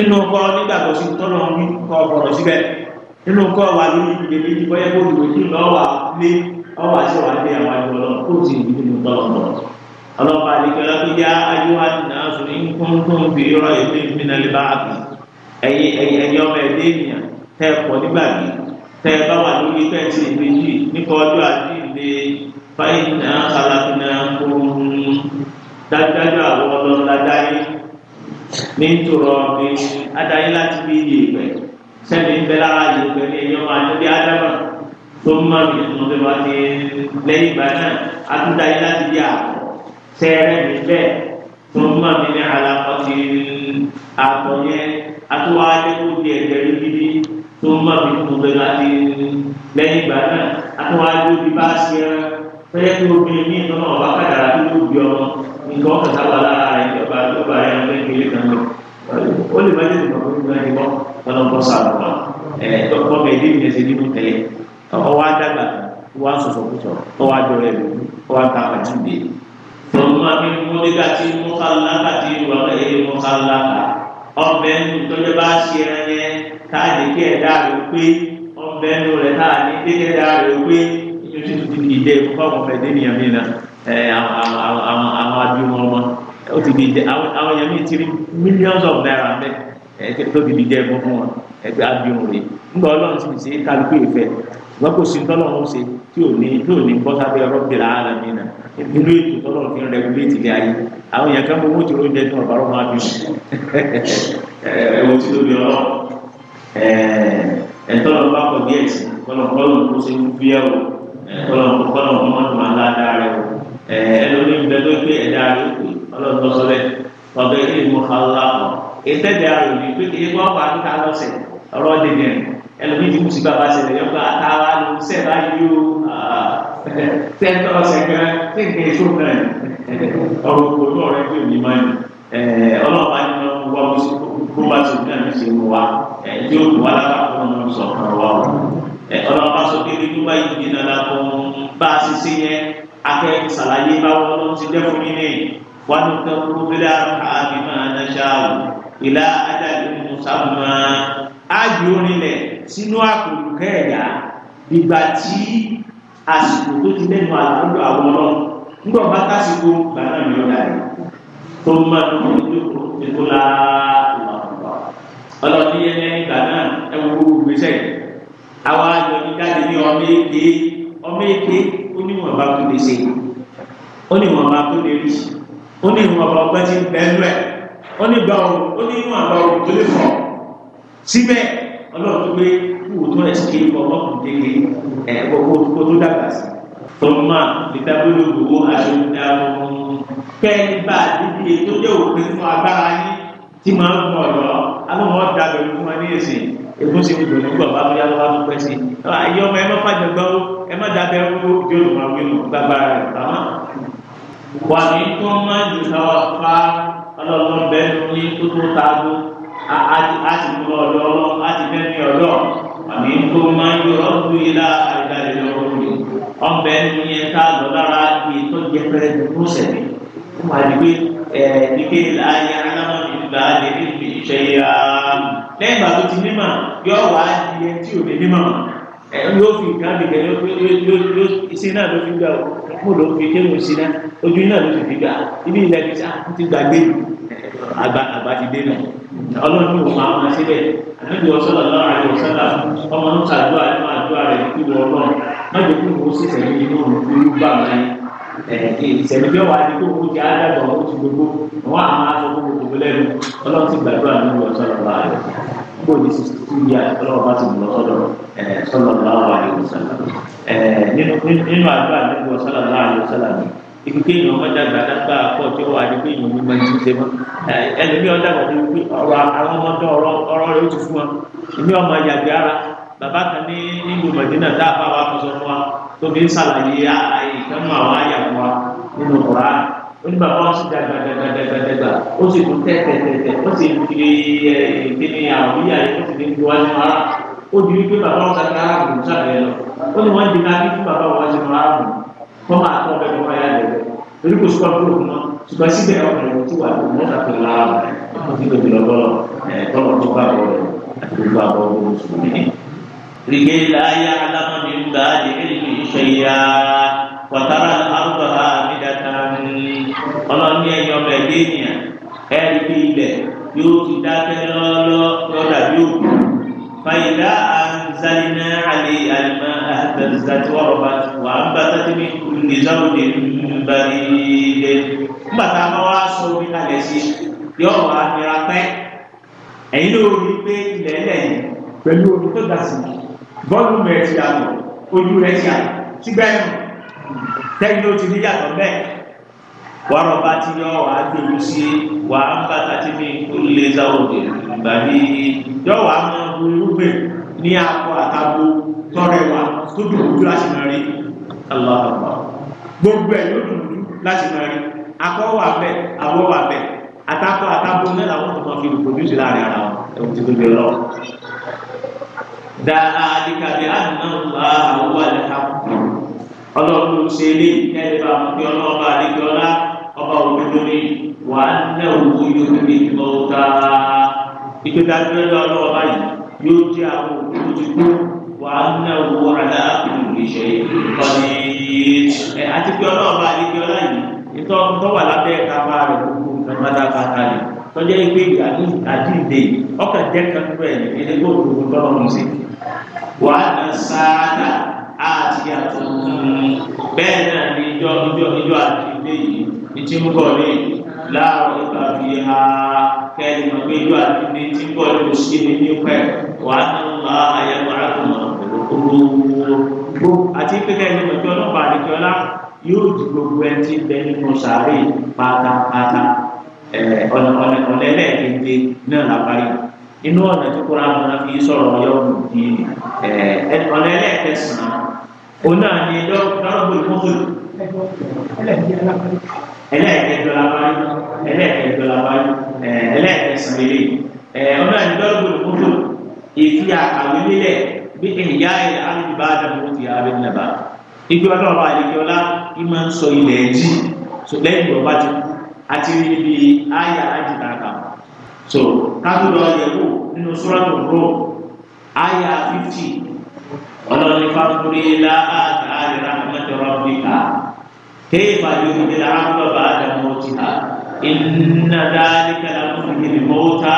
inú ọkọ nígbàgbọ́ sí tọ́lọ́ ń kọ́ ọ̀rọ̀ nínú kọ́ wa ní ìdílé ní bọ́yá kó lùwẹ̀ tí lọ́ wà lé ọwọ́ àti wà lé àwọn àjọ lọ kó tì í nínú tọ́lọ̀ lọ. ọlọ́pàá àdìgbẹ́lá tó yá ayéwá náà sùn ní kúńkún fi rọ èdè ìpínlẹ̀ lè bá a bì. ẹ̀yin ẹ̀yin ẹ̀yin ọmọ ẹ̀dẹ́ ènìyàn tẹ́ ẹ pọ̀ nígbà yìí tẹ́ ẹ bá wà lórí fẹ́ǹsì ìgbéjì nípa ọjọ́ àdìgbẹ́ fáyínà kàlàfínà kún dájúdájú àwọn ọlọ́ sẹ́ni bẹ́ẹ̀ lára yìí pẹ̀lú èèyàn àdébí ádámà tó ń mọ̀ mí mo ti wá ti lẹ́yìn ìgbà náà àtúndà yìí láti yà sẹ́rẹ̀ mi bẹ́ẹ̀ tó ń mọ̀ mí ní àlàkọ́ ti àtọ̀ yẹn àtúwá adékò di ẹ̀jẹ̀ rí bíbí tó ń mọ̀ mí mo ti wá ti lẹ́yìn ìgbà náà àtúwá adékò di bá ṣe ẹ fẹ́yẹ́ tó o bìnrin ní ìtọ́nà ọ̀bá kàdàrà tó yóò bí ọmọ nǹkan ọ̀kàtà lára ìjọba ìjọba rẹ̀ ń ọlọ́pọ̀ sàrùkọ ẹ̀ tọ́kọ́ bẹ̀ ilé ìrẹsẹ̀ nínú tẹ̀lé ọwọ́ adágbà wọ́n á sọ̀sọ̀ kùtọ̀ ọwọ́ adọ́ rẹ̀ lòlú ọwọ́ ata àti ìdè. tọ́lá mi mú nígbà tí mo ká lákà tí wà lẹ́yìn mo ká lákà ọbẹ̀ nù tọ́jú bá ṣe ẹran yẹn káàdì kí ẹ̀dá rẹ̀ pé ọbẹ̀ nù rẹ̀ káàdì kí ẹ̀dá rẹ̀ pé inú títún ti di ìdè fọ́ọ̀mù fẹ̀ dé nìyẹn mi náà àwọn abiyamọ ọmọ ó ti di ìdè àwọn yẹn mi ti rí millions of naira mẹ́ẹ̀ ẹgbẹ́ tó dìbì jẹ́ ẹ̀gbọ́n fún wọn ẹgbẹ́ abirùn rè ńgbà ọlọ́run sì ṣe kálukú ìfẹ́ wọ́n kò sí tọ́lọ́run ṣe tí ò ní tí ò ní bọ́ sábẹ́ ọ̀rọ̀ bìrà ara mi nà nínú ètò tọ́lọ́run fi ń rẹ́gúléètì ilé ayé àwọn èèyàn kan mọ́wó jòrò jẹ́ tí wọ́n bá rọ́ máa bí ẹ̀wọ̀n tí ó lè ọlọ́ ẹ̀tọ́lọ́run bá kọ̀ díẹ̀ sí kọ́lọ́run kó ṣe ń fi ẹ̀wọ̀ kọ́lọ́run kọ́lọ́run kọ́ mọ́tò máa ládàá rẹ̀ ẹ̀ẹ́dọ́gbẹ́ ẹ̀dá rẹ̀ pé ọlọ́run lọ́sọ̀rẹ́ ọ̀bẹ ilé mọ́ ètẹ́dẹ̀ àrò ní pé kéye kó ọkọ̀ àdúgbò alọ́sẹ̀ ọ̀rọ̀ dèdè ẹlòmíì ti kú sí bàbá ṣẹlẹ̀ yọkọ̀ àtàwà ló ń sẹ̀ báyìí ó ah, tẹ́tọ̀ ọ̀sẹ̀ kan tí nǹkan èso kan ọ̀rọ̀ kò ní ọ̀rẹ́ pé òní máa ń eh, ọlọ́ọ̀bá ní wọn wá bó ṣe kó bá ṣe náà ní ṣe wá tí ó wà lápapọ̀ náà sọ̀ kan wá o eh, ọlọ́ọ̀bá sọ pé ní wíwá yìí ní nana kan bá a ṣe ṣe yẹn ìlà ajáde mùsàmùmá ájú orinlẹ̀ sínú àkùrù kẹ́ẹ̀dá ìgbà tí àsìkò tó ti lẹ́nu àlọ́dọ̀ àwọn ọlọ́run nígbà bá tásìkò gbà náà ni ó dàrí tó máa ń lò ní ètò láàbùbà ọlọ́ọ̀ni yẹn ní ìgbà náà ẹ wo gbogbo gbèsè àwọn àjọ ní jáde ní ọmọ èké ọmọ èké ó ní wọn bá tó lè ṣe ó ní wọn bá tó lè rí ó ní wọn bá ọgbẹ́ tí ń bẹ́ẹ̀ lọ́ẹ̀ ó ní gbà òun ó ní inú àgbà òun tó lè fọ síbẹ̀ ọlọ́run tó gbé kúwò tó ẹ̀sìn kí ikọ̀ ọlọ́kùnrin déke ẹ̀ gbogbo tó tó dàgbà sí. tọ́lọ́mà ìdábòlò gbogbo àṣọyìndàmọ́ kẹ́ẹ̀ni bá dídí ètò jẹ́ òpin fún agbára yín tí máa ń mọ̀ ọ̀dọ́ alọ́mọ dàgbà ìlú wọn ní èsì èkó ṣe gbogbo ní gbọ̀ngbà tó yá lọ́wọ́ tó pẹ́ sí ayé ọmọ ẹ má fàjọ gbọ́ ẹ má dàgbà ẹ̀rọ ìjọ olùmọ̀ àwọn ìmọ̀ gbàgbà rẹ̀ pàmò. wà ní tó ọlọ́run bẹ ní tó tó taago a ti kú ọ̀dọ́ ọlọ́ a ti fẹ́ mi ọ̀dọ́ àmì tó máa ń yọ ọdún yìí la àyíká lè lọ rọrùn mi ọbẹ ní yẹn tá a lọ lára yìí tó jẹ pẹrẹ tó tó sẹbi fún wa ni pé ẹ nígbè láàyè alámọ ìgbà lè ní ìṣe yà lẹ́yìn ìgbà tó ti mímọ yọ wá di ẹ tí ò lè mímọ ẹ yóò fi nǹkan dìgbẹ́ yóò iṣẹ́ náà ló fi gbà ó mo ló fi ké mo ṣe náà ojú náà ló fi fi gbà ibi ilẹ̀ ti sá ti gbàgbé àgbà àgbà ti dé náà ọlọ́run ò máa ma síbẹ̀ àbẹ̀bí ọ̀sọ́lá lọ́wọ́ àti ọ̀sọ́lá ọmọ náà ṣàdúrà àdúrà rẹ̀ kúrò ọlọ́run má jẹ́ kí mo ṣèṣẹ́ yìí ní òun kúrú bá mi ìṣẹ̀lẹ̀jọ́ wa ni kó o ti àdàgbà o ti gbogbo wọn a máa sọ fún gbogbo lẹ́nu ọlọ́run ti gbàdúrà nínú ọ̀sán ọ̀la rẹ̀ kó o ní sixty two years ọlọ́run bá ti mú lọ sọ́dọ̀ sọ́dọ̀ ọ̀la wa ni ọ̀sán nínú àdúrà nínú ọ̀sán ọ̀la rẹ̀ ọ̀sán ọ̀la mi ibi pé èèyàn ọmọ dàgbà dàgbà pọ̀ tí ó wà ní pé èèyàn mi máa ń ti ṣe mọ́ ẹlẹ́mi ọ̀dà wà ní pé ọ̀rọ̀ àwọn ọmọdé ọ̀rọ̀ rẹ̀ ó ti fún wọn èmi ọmọ yàgbé ara bàbá kan ní nílùú mọ̀dínà tá wa kọ́ sọ fún wa tó ń ṣàlàyé ìkànnì àwọn àyàwó nínú ọ̀rá oníbàbá wọn sì dàgbà dàgbà dàgbà dàgbà ó sì tún tẹ́tẹ̀tẹ̀tẹ̀ ó sì kiri ẹ̀ kíni àwọn yíyá yìí ó sì ní ju wájú ara ó di wípé bàbá wọn sàkà aráàlú sàbẹ̀ lọ ó ní wọ́n di náà kí bàbá wọn sàkà aráàlú kọ́ máa tọ́ ọbẹ̀ nípa yá lẹ̀ torí kò sùpà kúrò fún wọn sùpà síbẹ̀ ọkùnrin tí wà ló mọ́ tàbí lára ó ti tóbi lọ́gọ́lọ́ tọ́lọ̀ tó wàtara àwùjọ ha mi dàtà ọlọ́ni ẹ̀yọ́ ọmọ ẹ̀dẹ́ ènìyàn ẹ̀rí bí ilẹ̀ yóò ti dákẹ́ lọ́lọ́ lọ́dà bí òkú fàyídà àǹzálínà àlè àlìmọ́ àtẹ̀síkàtì wọ́rọ̀bà wà á bá tẹ́tí mi kùnì sáwùdì nbàdí ilé nbàtà bá wà sọ omi kalẹ̀ sí yóò wà nira pẹ́ ẹ̀yin ló rí pé ilẹ̀ lẹ́yìn pẹ̀lú omi tó dà sí bọ́ọ̀lù rẹ̀ ti ojú rẹ̀ ti àná sígbà ẹ̀mọ́ tẹ́yìn ló ti ní yàtọ̀ bẹ́ẹ̀ wàrọ̀ bá ti yọ wàá gbèrú sí wàá bàtà tí mi kò lè sáwọ́dì gbàdí yọ wàá mọ irúgbìn ní akọ àtàbò tọrẹ wa tó dùn dúdú láti máa rí aláàbà gbogbo ẹ̀ ló dùn dúdú láti máa rí akọ wà bẹ àwọ wà bẹ àtàkọ àtàbò náà làwọn tó máa fi rìpòdúsì láàrin ara wọn ẹ̀wọ̀n ti gbogbo lọ. dáa àdìkàdì àdìmọ́ àwọn àwọn àlẹ́ àkùkù ọlọ́run ló ṣe ilé ẹ̀rí bá wọn pé ọlọ́ọ̀bá adékọ́lá ọba òdodo ni wà á nẹ́ òwú yóò fi ìmọ̀ ọ̀tá. ìgbédájú ẹ̀rọ ọlọ́ọ̀bá yìí yóò jẹ́ àwọn òkú ti kú wà á nẹ́ òwú àdá ìṣe ìkọ́ni ẹ̀ àti pé ọlọ́ọ̀bá adékọ́lá yìí ìtọ́ tọ́wà lábẹ́ kápá rẹ̀ gbogbo nǹkan pátápátá ni tọ́jú ẹgbẹ́ ìyàní àdínde àti àtúntún bẹ́ẹ̀ náà ní ìjọ ìjọ ìjọ àdìgbé yìí ní tí ń bọ̀ ní láàrọ̀ ìgbà fi ha kẹ́ni mọ̀ pé ìjọ àdìgbé tí ń bọ̀ ní oṣù ní nípẹ́ wàá nù bá àyẹ̀wò arákùnrin pẹ̀lú owó àti pé kẹ́ni mọ̀ pé ọlọ́pàá àdìgbọ́lá yóò di gbogbo ẹ ti bẹ nínú sàárè pátápátá ọ̀lẹ́lẹ́ẹ̀kẹ́gbẹ́ náà lábárí inú ọ̀nà tí kúrò àwọn ọ̀nà fi sọ̀rọ̀ ọ̀yọ́ òun náà ni lọ́rọ̀bù ìfọ́fọ́lù ẹlẹ́ẹ̀kẹjọ labáyé ẹlẹ́ẹ̀kẹjọ labáyé ẹlẹ́ẹ̀kẹsàn ilé òun náà ni lọ́rọ̀bù ìfọ́fọ́lù ìfi àkàwé nílẹ̀ bí ìyá ẹ̀ alùpùpù àdàbò ti ààrẹ nàbà ìgbé ọlọ́run ọba àdìgbọ́lá ìmọ̀ ń sọ ilẹ̀ ẹ̀jì lẹ́yìn ọba ti kú àti níbi àyà àjìkàkà so kájú lọ yẹ̀ wò nínú sọ́rọ́ tó rọ̀ àyà fífì ọlọ́ni fagudé la àtàlẹ́ rahmatulahi rabbika kéèfà yóò di la rahmatulahi bá dàmú ti ha iná dáadé kala múlùmí mọ́ta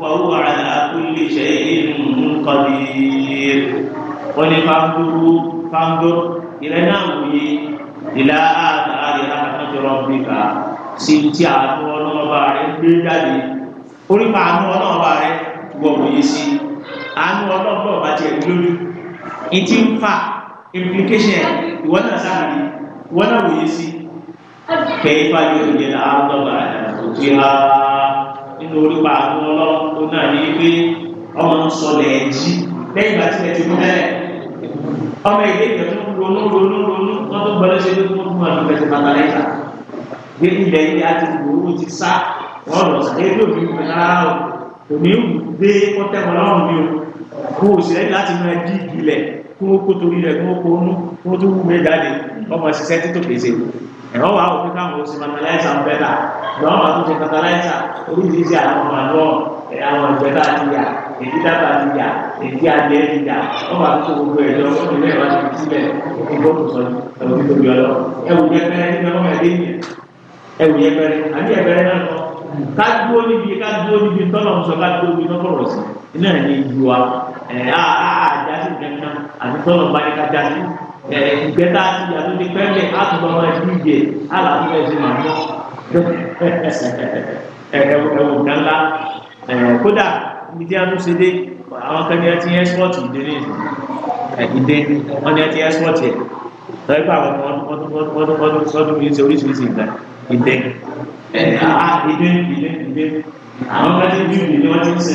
wà wú àlà kúlì ṣe inú kọ́lí. ọ̀ni fagudú fagudú ìrẹ́ náà wòye ìlà àtàlẹ́ rahmatulahi rabbika sí ti àánú ọlọ́mọba rẹ̀ gbé jáde orí pa àánú ọlọ́mọba rẹ̀ wọ̀ wòye sí àánú ọlọ́mọba tiẹ̀ lórí ìtì ń fa implication ìwọ náà sáà ní ìwọ náà wòye sí kẹ́yìn fájú ìjẹ́ àádọ́gba òtí ha nínú orípa àwọn ọlọ́pọ̀ náà ní pé ọmọ ń sọ lẹ́ẹ̀jì lẹ́yìn ìgbà tí ẹ ti mú tẹ́lẹ̀ ọmọ ìdí ìgbà tó ń ronú ronú ronú wọn tó gbọ́dọ̀ ṣe lóko fún ọdún bẹ́ẹ̀ tó bàtà lẹ́yìn gbé ilẹ̀ ilé àti gbòòrò ti sá wọn lọ sí ẹgbẹ́ òbí mi rárá o òní gbé kọ́tẹ́kọ̀ọ́ mi o kó o sì lẹ́yìn láti máa dí ìbílẹ̀ kí wọ́n kó torí rẹ̀ kí wọ́n kó nú kí wọ́n tó wú wé jáde ọmọ ṣiṣẹ́ títò pèsè ẹ̀rọ wà ó fi káwọn oṣù fatalaisa ń bẹ́ta ìgbà wọn bá tó ṣe fatalaisa oríṣiríṣi àwọn ọmọ àlọ́ àwọn ìjọba ti yà èyí dábàá ti yà èyí adìẹ ti yà wọn bá tó gbogbo ẹ̀jọ wọn ní ilé ìwádìí ti sílẹ̀ ìgbó tó sọ ẹ̀wù tó yọ lọ ẹ̀wù yẹpẹrẹ nígbà wọn ẹ̀dẹ́ yẹn ẹ̀wù yẹpẹrẹ àbí ẹ̀pẹrẹ náà lọ ká dúró níbi ká dúró níbi tọ́lọ̀ ń sọ ká dúró níbi tọ́lọ̀ sí iná ẹ̀ ní ìlú wa àjásí gẹ̀ẹ́nà àti tọ́lọ̀ bá ní ká jásí ìgbẹ́ta àti ìyàtọ̀ ní pẹ́ẹ́lẹ̀ àtúbọ̀ wọn ẹ̀dí ìgbé àlàáfíà ẹ̀sìn màá mọ́ ẹ̀wù gánlá kódà ní tí a tún ṣe dé àwọn kan ní ẹ ti ẹ́sọ́ọ̀tì ìdílé ìdílé wọn ní ẹ ti ẹ́sọ́ọ̀tì ẹ̀ lọ́wọ́ pé àwọn ọdún sọ́dún yìí ṣe oríṣiríṣi ìgbà ìdẹ́ ìdẹ́ ìdẹ́ ìdẹ́ àwọn kan ti bí ìdílé wọn ti ń ṣe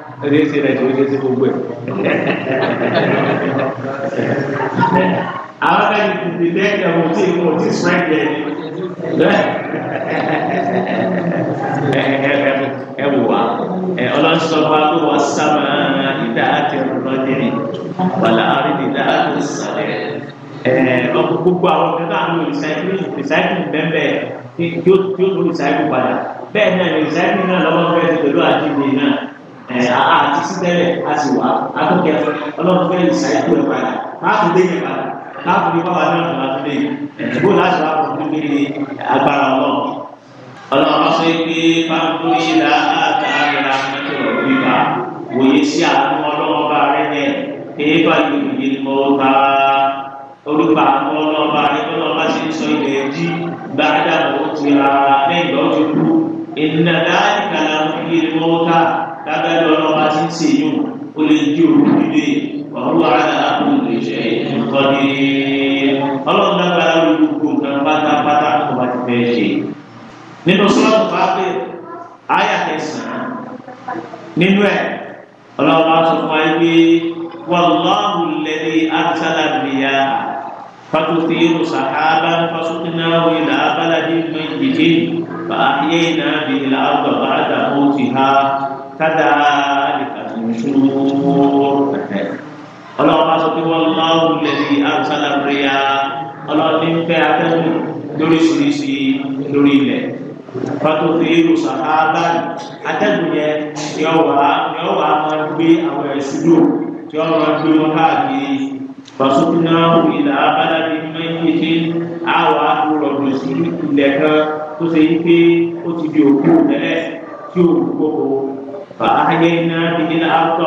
ẹni ṣe rẹ̀ tí ó ṣe sí gbogbo ẹ̀. àwọn ẹni tètè lẹ́yìn ọmọ tí ìmọ̀ ti sùn ẹ̀jẹ̀ ẹ wò wá ẹ ọlọ́sọ̀rọ̀ wa ló wá sábà ìdá àti ọ̀rọ̀ jẹ́rì wàlá àrídì ìdá àti sàlẹ̀ ẹ ọkọ̀ gbogbo àwọn ọ̀gá náà ló recycling recycling bẹ́ẹ̀ bẹ́ẹ̀ yóò tó recycle padà bẹ́ẹ̀ náà recycling náà lọ́wọ́ bẹ́ẹ̀ ti pẹ̀lú àdìgbò náà àti síbẹ̀rẹ̀ a sì wá akókè ọlọ́run fẹ́ ìṣàyẹ̀wò ẹ̀ padà máa fi dé yẹn padà máa fi bá wa náà lọ́la fi dé ìbò láti wá fún mi ní agbára ọlọ́run. ọlọ́run sọ pé pàǹkú ìlà àtàrà mẹ́tò ìgbà wòye sí àwọn ọlọ́run bá rẹ̀ yẹn kéé bá yòòyè mọ́ bá olùkọ́ àwọn ọlọ́run bá rẹ̀ kọ́ lọ́ba sí sọ ilẹ̀ jí bá dàbọ̀ lábẹ́ lọ́nà bá ti ń ṣe yún ó lè jí òru nílé ọ̀hún wà á dára kó lè ṣe nǹkan ní ọlọ́run dágbára ló gbogbo nǹkan pátápátá tó bá ti fẹ́ ṣe. nínú sọ́ọ̀tù bá pè áyà kẹsàn-án nínú ẹ̀ ọlọ́run bá sọ fún ayé wàlláhu lẹ́ni àtàlà nìyà فتثير سحابا فسقناه إلى بلد ميت فأحيينا به الأرض بعد موتها كذلك النشور ọlọ́run bá sọ pé wọ́n máa ń lè ní àbúsálàbíríà ọlọ́run ní fẹ́ atẹ́gùn lóríṣiríṣi lórí ilẹ̀ pàtó fi irú sàkáàbá atẹ́gùn yẹn tí ó wà tí ó wà máa gbé àwọn ẹ̀sùn lò tí ó máa gbé wọn káàkiri pàṣípìnà ìlà abálábí mẹ́yìnlẹ́ àwọn àkúrọ̀dù sí ilẹ̀ kan tó ṣe yí pé ó ti di òkú tẹ́lẹ̀ tí ò gbogbo فأحيينا به الأرض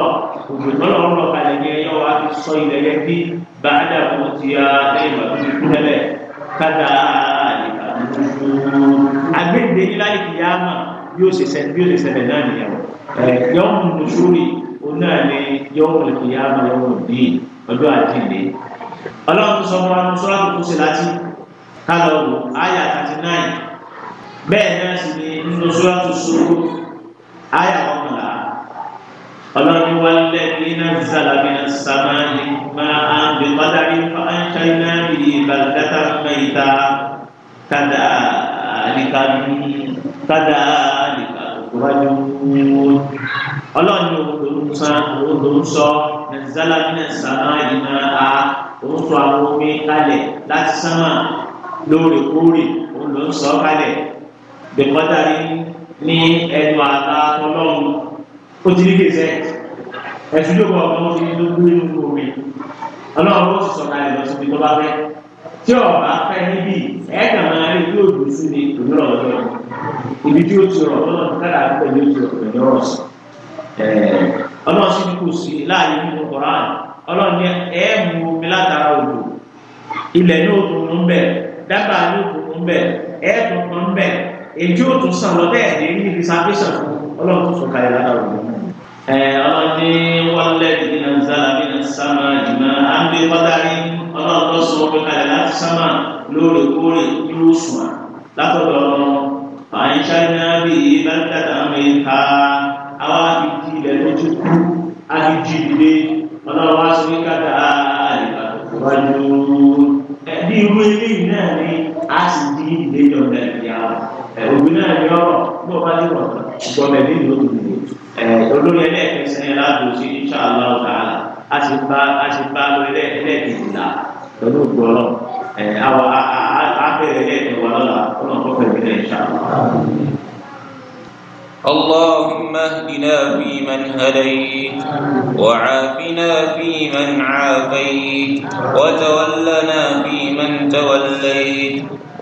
وبطلع الله على جاية وعلى الصيد يدي بعد موتها دائما بالكلة كذلك النشور أبين دليل القيامة يوسف يوسف سبنانيا يوم النشور قلنا يوم القيامة يوم الدين ọjọ́ àjíǹde الله sọ wọn ní sọ́lá tuntun sí láti kálọ̀ ọ̀gbọ̀n 39 bẹ́ẹ̀ náà sì ni nínú آية مقلا قالوا والذي نزل من السماء ماء بقدر فأنشينا به بلدة ميتا كذلك كذلك تخرجون ọlọ́run ní òun san òun ló ń sọ nàìjíríà nílẹ̀ sàmà ìmọ̀ a òun sọ àwọn omi kalẹ̀ láti sánmà lóòrèkóòrè òun ló ń sọ kalẹ̀ bẹ̀kọ́tà ní ní ẹnu àta ọlọ́run ó ti rí kèsẹ́ ẹ̀sùn yóò bọ̀ ọ̀gbọ́n ti ní lógún inú omi ọlọ́run ó sì sọ̀rọ̀ àyè lọ síbi tó bá fẹ́ tí ọ̀bá fẹ́ níbí ẹ̀ẹ́dà máa rí bí òògùn sí ni òmíràn ọ̀dọ́ ibi tí ó ti rọ̀ lọ́nà kádà àdúgbò ni ó ti rọ̀ pẹ̀lú ọ̀rọ̀ sí ọlọ́run sì kù sí láàyè nínú Kùránì ọlọ́run ní ẹ̀ẹ́mú omi látara òdò ilẹ̀ ní òkùnkùn bẹ̀ dábàá ní òkùnkùn bẹ̀ ẹ̀ẹ́dùn kan bẹ̀ èdè ò tún sàn lọ bẹ́ẹ̀ ní níbi salvation fún ọlọ́run tó sọ kalẹ̀ látàrí òun. ẹ ọlọ́run ní wọlé ìdílé nzala bí na sámà jùmọ̀ àmì kọ́dárí ọlọ́run tó sọ pé kalẹ̀ láti sámà lóòrèkóòrè yóò sùn à látọ̀dọ̀ àyíṣà náà bí bẹ́ńkàtà àmì ká àwa fi di ilẹ̀ lójú kú a fi di ìdílé ọlọ́run wá sọ kíkàtà àyíká tó kọ́ òwe náà yọ bó bá dé wọ̀n gbọ́dọ̀ ní ìlú tó nìyẹn olórí ẹlẹ́ẹ̀kẹsẹ̀ yẹn ládùn sí inṣàlá ọ̀tá a sì bá a sì bá lọ ẹlẹ́ẹ̀kẹsìlá pẹ̀lú gbọ́dọ̀ àwọn abẹ́rẹ́ ẹlẹ́ẹ̀kẹwà lọ́la ọ̀nà kọ́kọ́ ìbílẹ̀ inṣàlá. اللهم اهدنا فيمن هديت وعافنا فيمن عافيت وتولنا فيمن توليت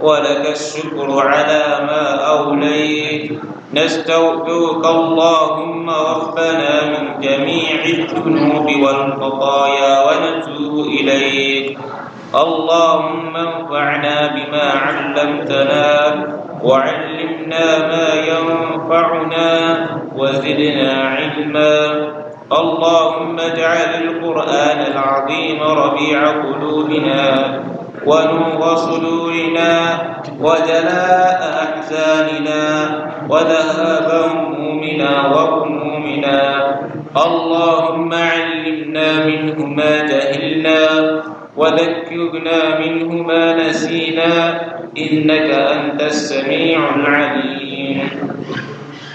ولك الشكر على ما أوليت نستودعك اللهم ربنا من جميع الذنوب والخطايا ونتوب إليك اللهم انفعنا بما علمتنا وعلمنا ما ينفعنا وزدنا علما اللهم اجعل القرآن العظيم ربيع قلوبنا ونور صدورنا وجلاء أحزاننا وذهاب همومنا وغمومنا اللهم علمنا منه ما جهلنا وذكرنا منه ما نسينا إنك أنت السميع العليم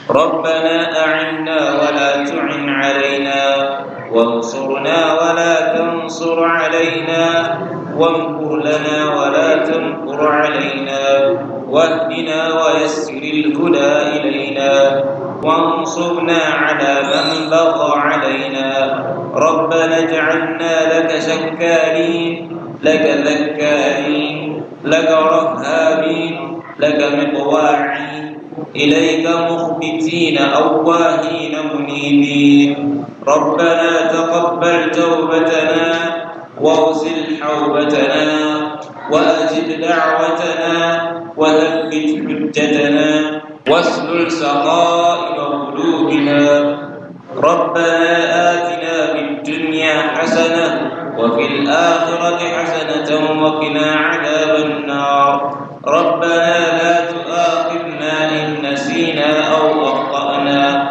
ربنا أعنا ولا تعن علينا وانصرنا ولا تنصر علينا وامكر لنا ولا تمكر علينا واهدنا ويسر الهدى إلينا وانصرنا على من بغى علينا ربنا اجعلنا لك شكارين لك ذكارين لك رهابين لك مقواعين إليك مخبتين أواهين منيبين ربنا تقبل توبتنا واغسل حوبتنا وأجب دعوتنا وثبت حجتنا واسلل سقائم قلوبنا ربنا آتنا في الدنيا حسنة وفي الآخرة حسنة وقنا عذاب النار ربنا لا تؤاخذنا إن نسينا أو أخطأنا